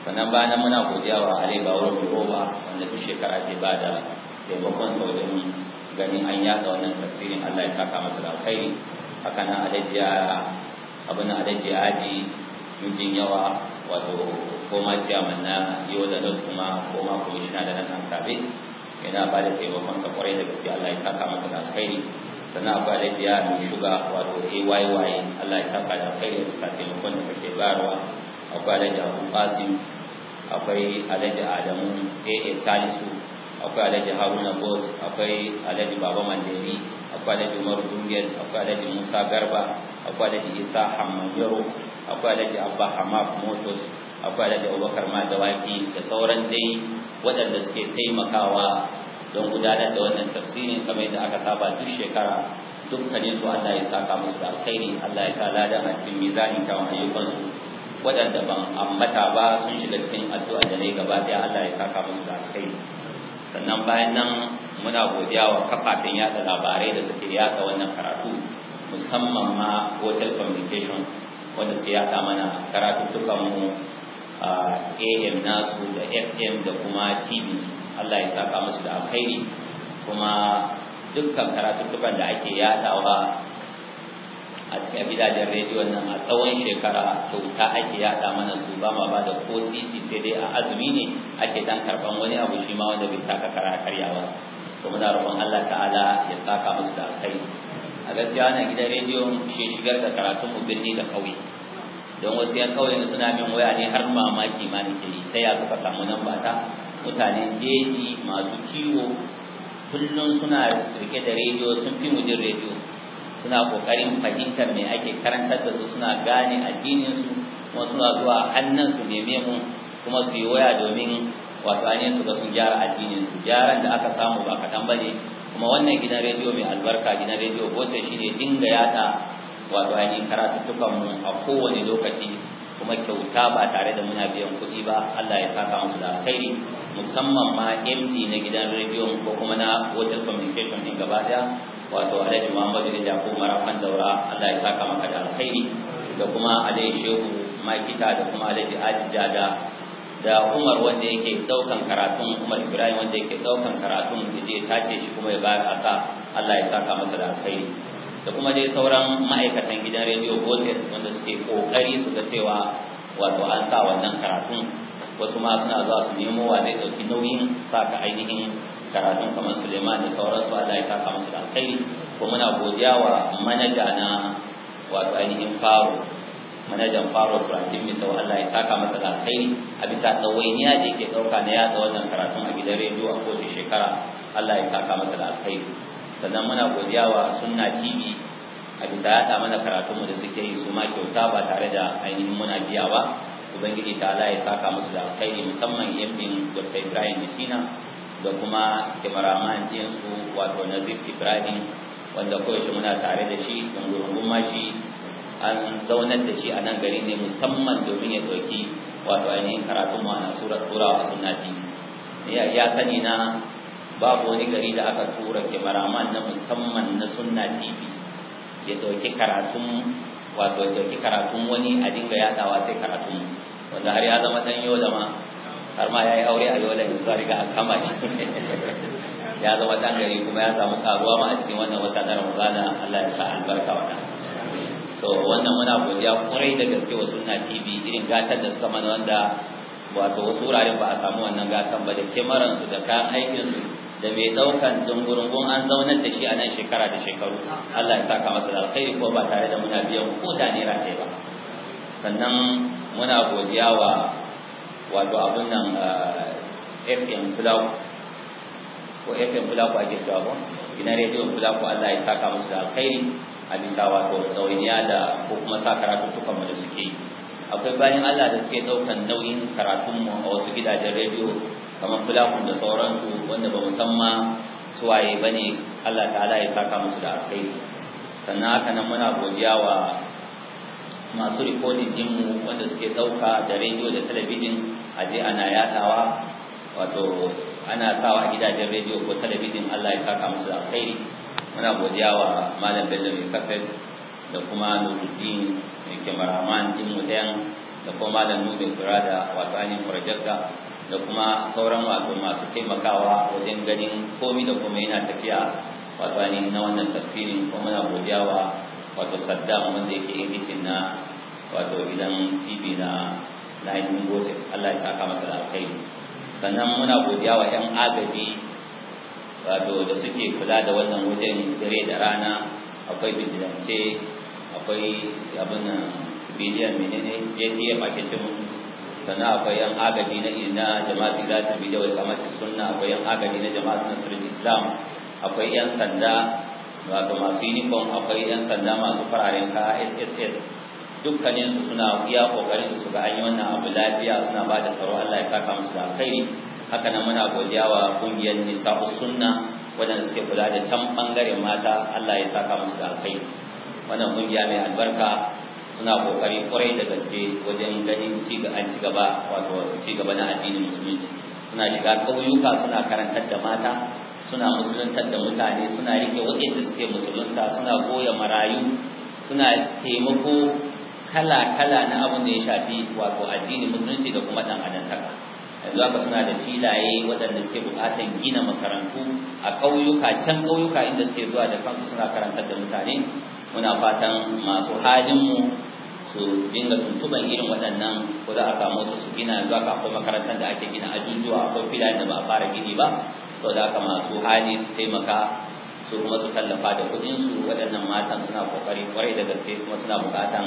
sannan nan muna godiya wa Ali Bawar Roba wanda duk shekara ke ba da taimakon saudani ganin an yaka wannan tafsirin Allah ya saka masa da alkhairi haka nan alajiya abin alajiya aji mijin yawa wato koma ciyaman na yau da nan kuma koma na da nan an sabe yana ba da taimakonsa kwarai da gaske Allah ya saka masa da alkhairi sannan akwai alaiya mai shuga wato ayy Allah ya saka da alkhairi da sa taimakon da kake bayarwa akwai alaiya abu qasim akwai alaiya adamu aa salisu akwai alaiya haruna Bos akwai alaiya baba mandiri akwai alaiya umar dungel akwai alaiya musa garba akwai alaiya isa hamayaro akwai alaiya abba hamad motos akwai Abu bakar ma waki da sauran dai waɗanda suke taimakawa don gudanar da wannan tafsirin kamar yadda aka saba duk shekara dukkanin su Allah ya saka musu da alkhairi Allah ya ta ladan a cikin mizanin kyawun su waɗanda ban ambata ba sun shiga cikin addu'a da ne gaba da Allah ya saka musu da alkhairi sannan bayan nan muna godiya wa kafafen yada labarai da suke yada wannan karatu musamman ma hotel communication wanda suke yada mana karatu mu AM nasu da FM da kuma TV Allah ya saka musu da alkhairi kuma dukkan karatuttukan da ake yadawa a cikin gidajen rediyon nan a tsawon shekara kyauta ake yada mana su ba ma ba da ko sisi sai dai a azumi ne ake dan karban wani abu shi ma wanda bai taka kara karyawa to muna roƙon Allah ta'ala ya saka musu da alkhairi a gaskiya wannan gidan rediyon shi shigar da karatun mu birni da ƙauye don wasu yan kawai da suna min waya ne har mamaki ma nake yi ta ya suka samu nan ba ta mutane jeji masu kiwo kullum suna rike da rediyo sun fi mujin rediyo suna kokarin fahimtar me ake karantar da su suna gane addinin su kuma suna zuwa hannun su neme mu kuma su yi waya domin wato ainihin su ga sun gyara addinin su gyaran da aka samu ba kaɗan ba ne kuma wannan gidan rediyo mai albarka gidan rediyo bote shine dinga yata wato ainihin karatuttukan mu a kowane lokaci kuma kyauta ba tare da muna biyan kuɗi ba Allah ya saka musu da alkhairi musamman ma MD na gidan rediyon ko kuma na water communication din gaba daya wato Alhaji Muhammadu da Jako Marafan Daura Allah ya saka maka da alkhairi da kuma Alhaji Shehu Makita da kuma Alhaji Ajija da da Umar wanda yake daukan karatun Umar Ibrahim wanda yake daukan karatun da ya tace shi kuma ya bayar aka Allah ya saka masa da alkhairi da kuma dai sauran ma'aikatan gidan rediyo voltage wanda suke kokari su ga cewa wato an sa wannan karatun wasu ma suna zuwa su nemo wa zai ɗauki nauyin saka ainihin karatun kamar suleiman da sauransu allah ya saka musu da alkhairi ko muna godiya wa manaja na wato ainihin faro manajan faro mai sau, Allah ya saka masa da alkhairi a bisa ɗawainiya da yake ɗauka na yatsa wannan karatun a gidan rediyo a kowace shekara Allah ya saka masa da alkhairi sannan muna godiya wa sunna tv a bisa yaɗa mana karatunmu da suke yi su ma kyauta ba tare da ainihin muna biya ba ubangiji ta ala ya saka musu da alkhairi musamman yamin dr ibrahim messina da kuma kimaraman su wato nazif ibrahim wanda koyaushe muna tare da shi dungurungun ma shi an zaunar da shi a nan gari ne musamman domin ya ɗauki wato ainihin karatunmu a ana sura tura tv ya sani na babu wani gari da aka tura kimaraman na musamman na sunna tv ya dauki karatun wato ya dauki karatun wani a dinga yadawa sai karatun wanda har ya zama dan da ma har ma yayi aure a yola yanzu har ga kama shi ya zama dan gari kuma ya samu karuwa ma a cikin wannan wata na Ramadana Allah ya sa albarka wannan so wannan muna godiya kurai da gaske wa sunna tv irin gatar da suka mana wanda wato wasu wuraren ba a samu wannan gatan ba da kemaran su da kayan aikin su da mai daukan dungurungun an zaunar da shi a nan shekara da shekaru Allah ya saka masa da alkhairi ko ba tare da muna biyan ko da naira ɗaya ba sannan muna godiya wa wato abun nan eh, FM Club ko FM Bulaku ake cewa ina rediyon Bulaku Allah ya saka masa da alkhairi a bisa wato tsawainiya da ko kuma sa karatuttukan mu da suke yi akwai bayan Allah da suke daukan nauyin karatun mu a wasu gidajen rediyo kamar fulakun da sauransu wanda ba musamman suwaye bane Allah ta'ala ya saka musu da kai. sannan haka nan muna godiya wa masu rikodin mu wanda suke dauka da rediyo da talabijin a je ana yadawa wato ana sawa a gidajen rediyo ko talabijin Allah ya saka musu da kai muna godiya wa malam Bello mai kasar da kuma nuruddin maraman din mutayan da kuma da nubin kura da wato ainihin furajarka da kuma sauran wato masu taimakawa wajen ganin komai da kuma yana tafiya wato ainihin na wannan tafsirin kuma muna godiya wa wato saddam wanda yake yin na wato gidan tv na na yin gote allah ya saka masa da alkhairi sannan muna godiya wa 'yan agaji wato da suke kula da wannan wajen dare da rana akwai bijilance akwai abin civilian menene JDM ake ce musu sannan akwai yan agaji na ina jama'a za ta bi da wal kamati sunna akwai yan agaji na na nasrul islam akwai yan sanda wato masu uniform akwai yan sanda masu fararen ka SSS dukkanin su suna iya kokarin su ga an wannan abu lafiya suna ba da tsaro Allah ya saka musu da alkhairi haka nan muna godiya wa kungiyar nisa'us sunna wadanda suke kula da can bangaren mata Allah ya saka musu da alkhairi wannan kungiya mai albarka suna kokari kwarai da gaske wajen ganin ci ga an ci gaba wato ci gaba na addinin musulunci suna shiga sauyuka suna karantar da mata suna musuluntar da mutane suna rike waɗanda suke musulunta suna goya marayu suna taimako kala-kala na abin da ya shafi wato addinin musulunci da kuma dan adantaka yanzu haka suna da filaye waɗanda suke buƙatar gina makarantu a ƙauyuka can ƙauyuka inda suke zuwa da kansu suna karantar da mutane muna fatan masu mu su dinga tuntuban irin waɗannan ko za a samu su su gina zuwa akwai makarantar da ake gina ajujuwa akwai filayen da ba a fara gini ba sau da aka masu hali su taimaka su kuma su tallafa da kuɗinsu waɗannan matan suna kokari kwarai da gaske kuma suna buƙatan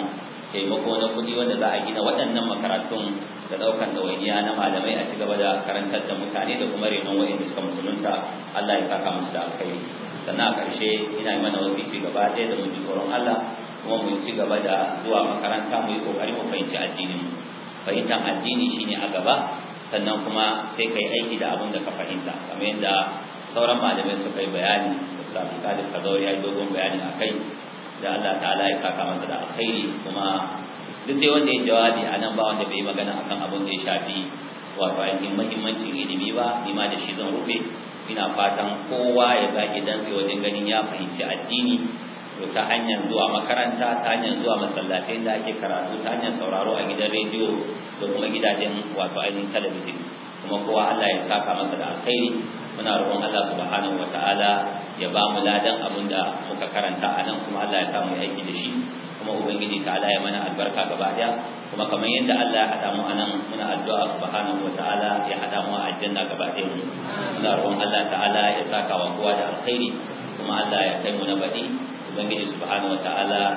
taimako na kudi wanda za a gina waɗannan makarantun da ɗaukan ɗawainiya na malamai a ci gaba da karantar da mutane da kuma renon da suka musulunta Allah ya saka musu da alkhairi sannan a ƙarshe ina yi mana ci gaba ɗaya da mu ji tsoron Allah kuma mu ci gaba da zuwa makaranta mu yi ƙoƙari mu fahimci addinin mu fahimtar addini shine a gaba sannan kuma sai ka yi aiki da abin da ka fahimta kamar yadda sauran malamai suka yi bayani da ka Kazauri ya yi dogon bayani a kai da Allah ta'ala ya saka masa da alkhairi kuma duk dai wanda ya jawabi a nan ba wanda bai magana akan abin da ya shafi wato ainihin mahimmancin ilimi ba ni ma da shi zan rufe ina fatan kowa ya ba dantse wajen ganin ya fahimci addini to ta hanyar zuwa makaranta ta hanyar zuwa masallatai da ake karatu ta hanyar sauraro a gidan rediyo da kuma gidajen wato ainihin talabijin kuma kowa Allah ya saka masa da alkhairi muna roƙon Allah subhanahu ta'ala ya ba mu ladan abin da muka karanta a nan kuma Allah ya samu aiki da shi kuma ubangiji ta ya mana albarka gaba daya kuma kamar yadda Allah ya hada mu anan muna addu'a subhanahu wa ya hada mu a aljanna gaba daya muna roƙon Allah ta'ala ya saka wa kowa da alkhairi kuma Allah ya kai mu na baɗi ubangiji subhanahu wa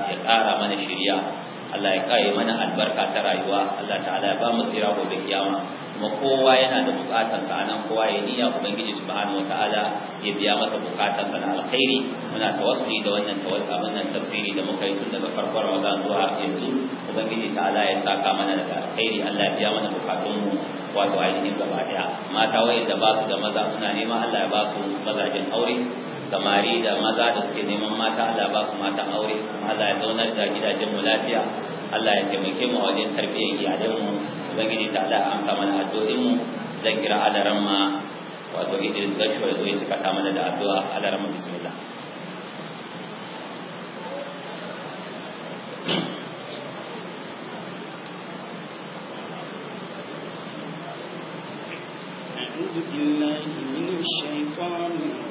ya ƙara mana shirya. Allah ya kare mana albarka ta rayuwa Allah ta'ala ya ba mu tsira gobe kiyama kuma kowa yana da bukatar sa nan kowa ya niyya ubangiji subhanahu wataala ya biya masa bukatar sa na alkhairi muna tawassuli da wannan tawassuli wannan tafsiri da muka yi tun daga farkon Ramadan zuwa yanzu ubangiji ta'ala ya saka mana da alkhairi Allah ya biya mana bukatun mu wato ainihin gaba daya mata wayanda ba su da maza suna neman Allah ya ba su mazajen aure samari da maza da suke neman mata Allah ba su mata aure Allah ya zauna da gidajen mu lafiya Allah ya taimake mu wajen tarbiyyar iyalan mu ubangiji ta Allah an sa mana addu'o'in mu zan kira adaran ma wato idan da shi wato ya cika ta mana da addu'a adaran mu bismillah أعوذ بالله من الشيطان الرجيم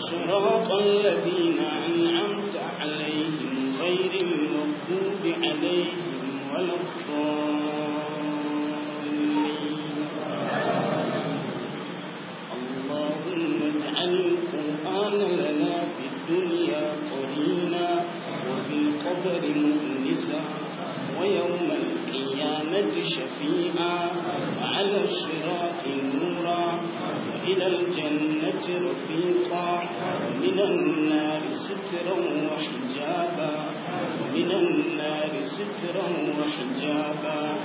صراط الذين أنعمت عليهم غير المغضوب عليهم ولا الضالين اللهم اجعل القرآن لنا في الدنيا قرينا وفي القبر مؤنسا ويوم القيامة شفيعا وعلى الصراط نورا إلى الجنة رفيقا من النار سترا وحجابا من النار سترا وحجابا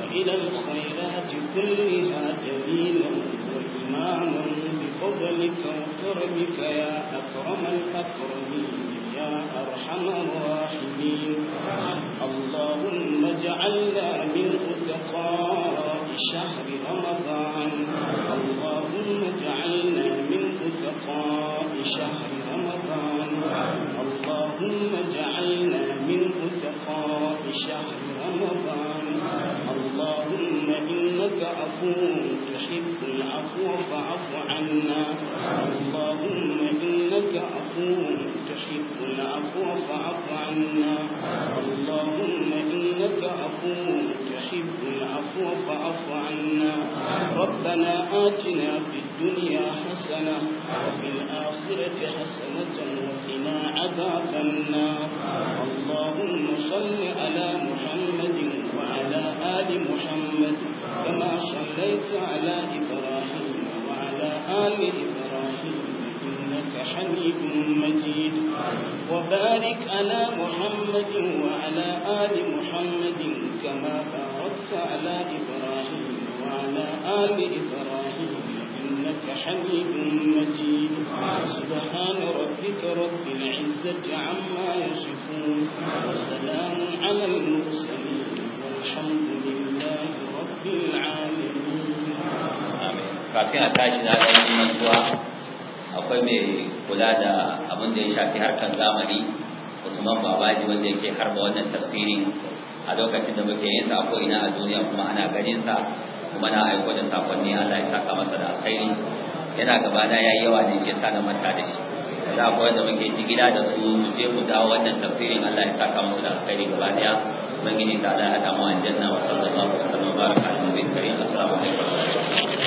وإلى الخيرات كلها دليلا وإماما بفضلك وكرمك يا أكرم الأكرمين يا أرحم الراحمين اللهم اجعلنا من لقاء شهر رمضان اللهم اجعلنا من اتقاء شهر رمضان اللهم اجعلنا من اتقاء شهر رمضان اللهم إنك عفو تحب العفو فاعف عنا اللهم إنك عفو تحب العفو فاعف عنا اللهم إنك عفو تحب العفو فاعف عنا ربنا آتنا في الدنيا حسنة وفي الآخرة حسنة وقنا عذاب النار اللهم صل على محمد وعلى آل محمد كما صليت على إبراهيم وعلى آل إبراهيم إنك حميد مجيد وبارك على محمد وعلى آل محمد كما باركت على إبراهيم وعلى آل إبراهيم إنك حميد مجيد سبحان ربك رب العزة عما يصفون وسلام على المرسلين kafin a tashi na آمين akwai mai kula da abin da ya shafi harkar zamani usman babaji wanda yake harba wannan tafsirin a lokacin da muke yin sa ina a duniya kuma ana ganin sa kuma na aiko da sakonni Allah ya saka masa da alkhairi yana gaba da yayi yawa ne shi yasa na mata da shi da akwai wanda muke jigila da su mu je mu dawo wannan tafsirin Allah ya saka masa da alkhairi gaba daya baginda taala agama jannah wa sallallahu alaihi wasallam barakallahu fiik ya assalamu alaikum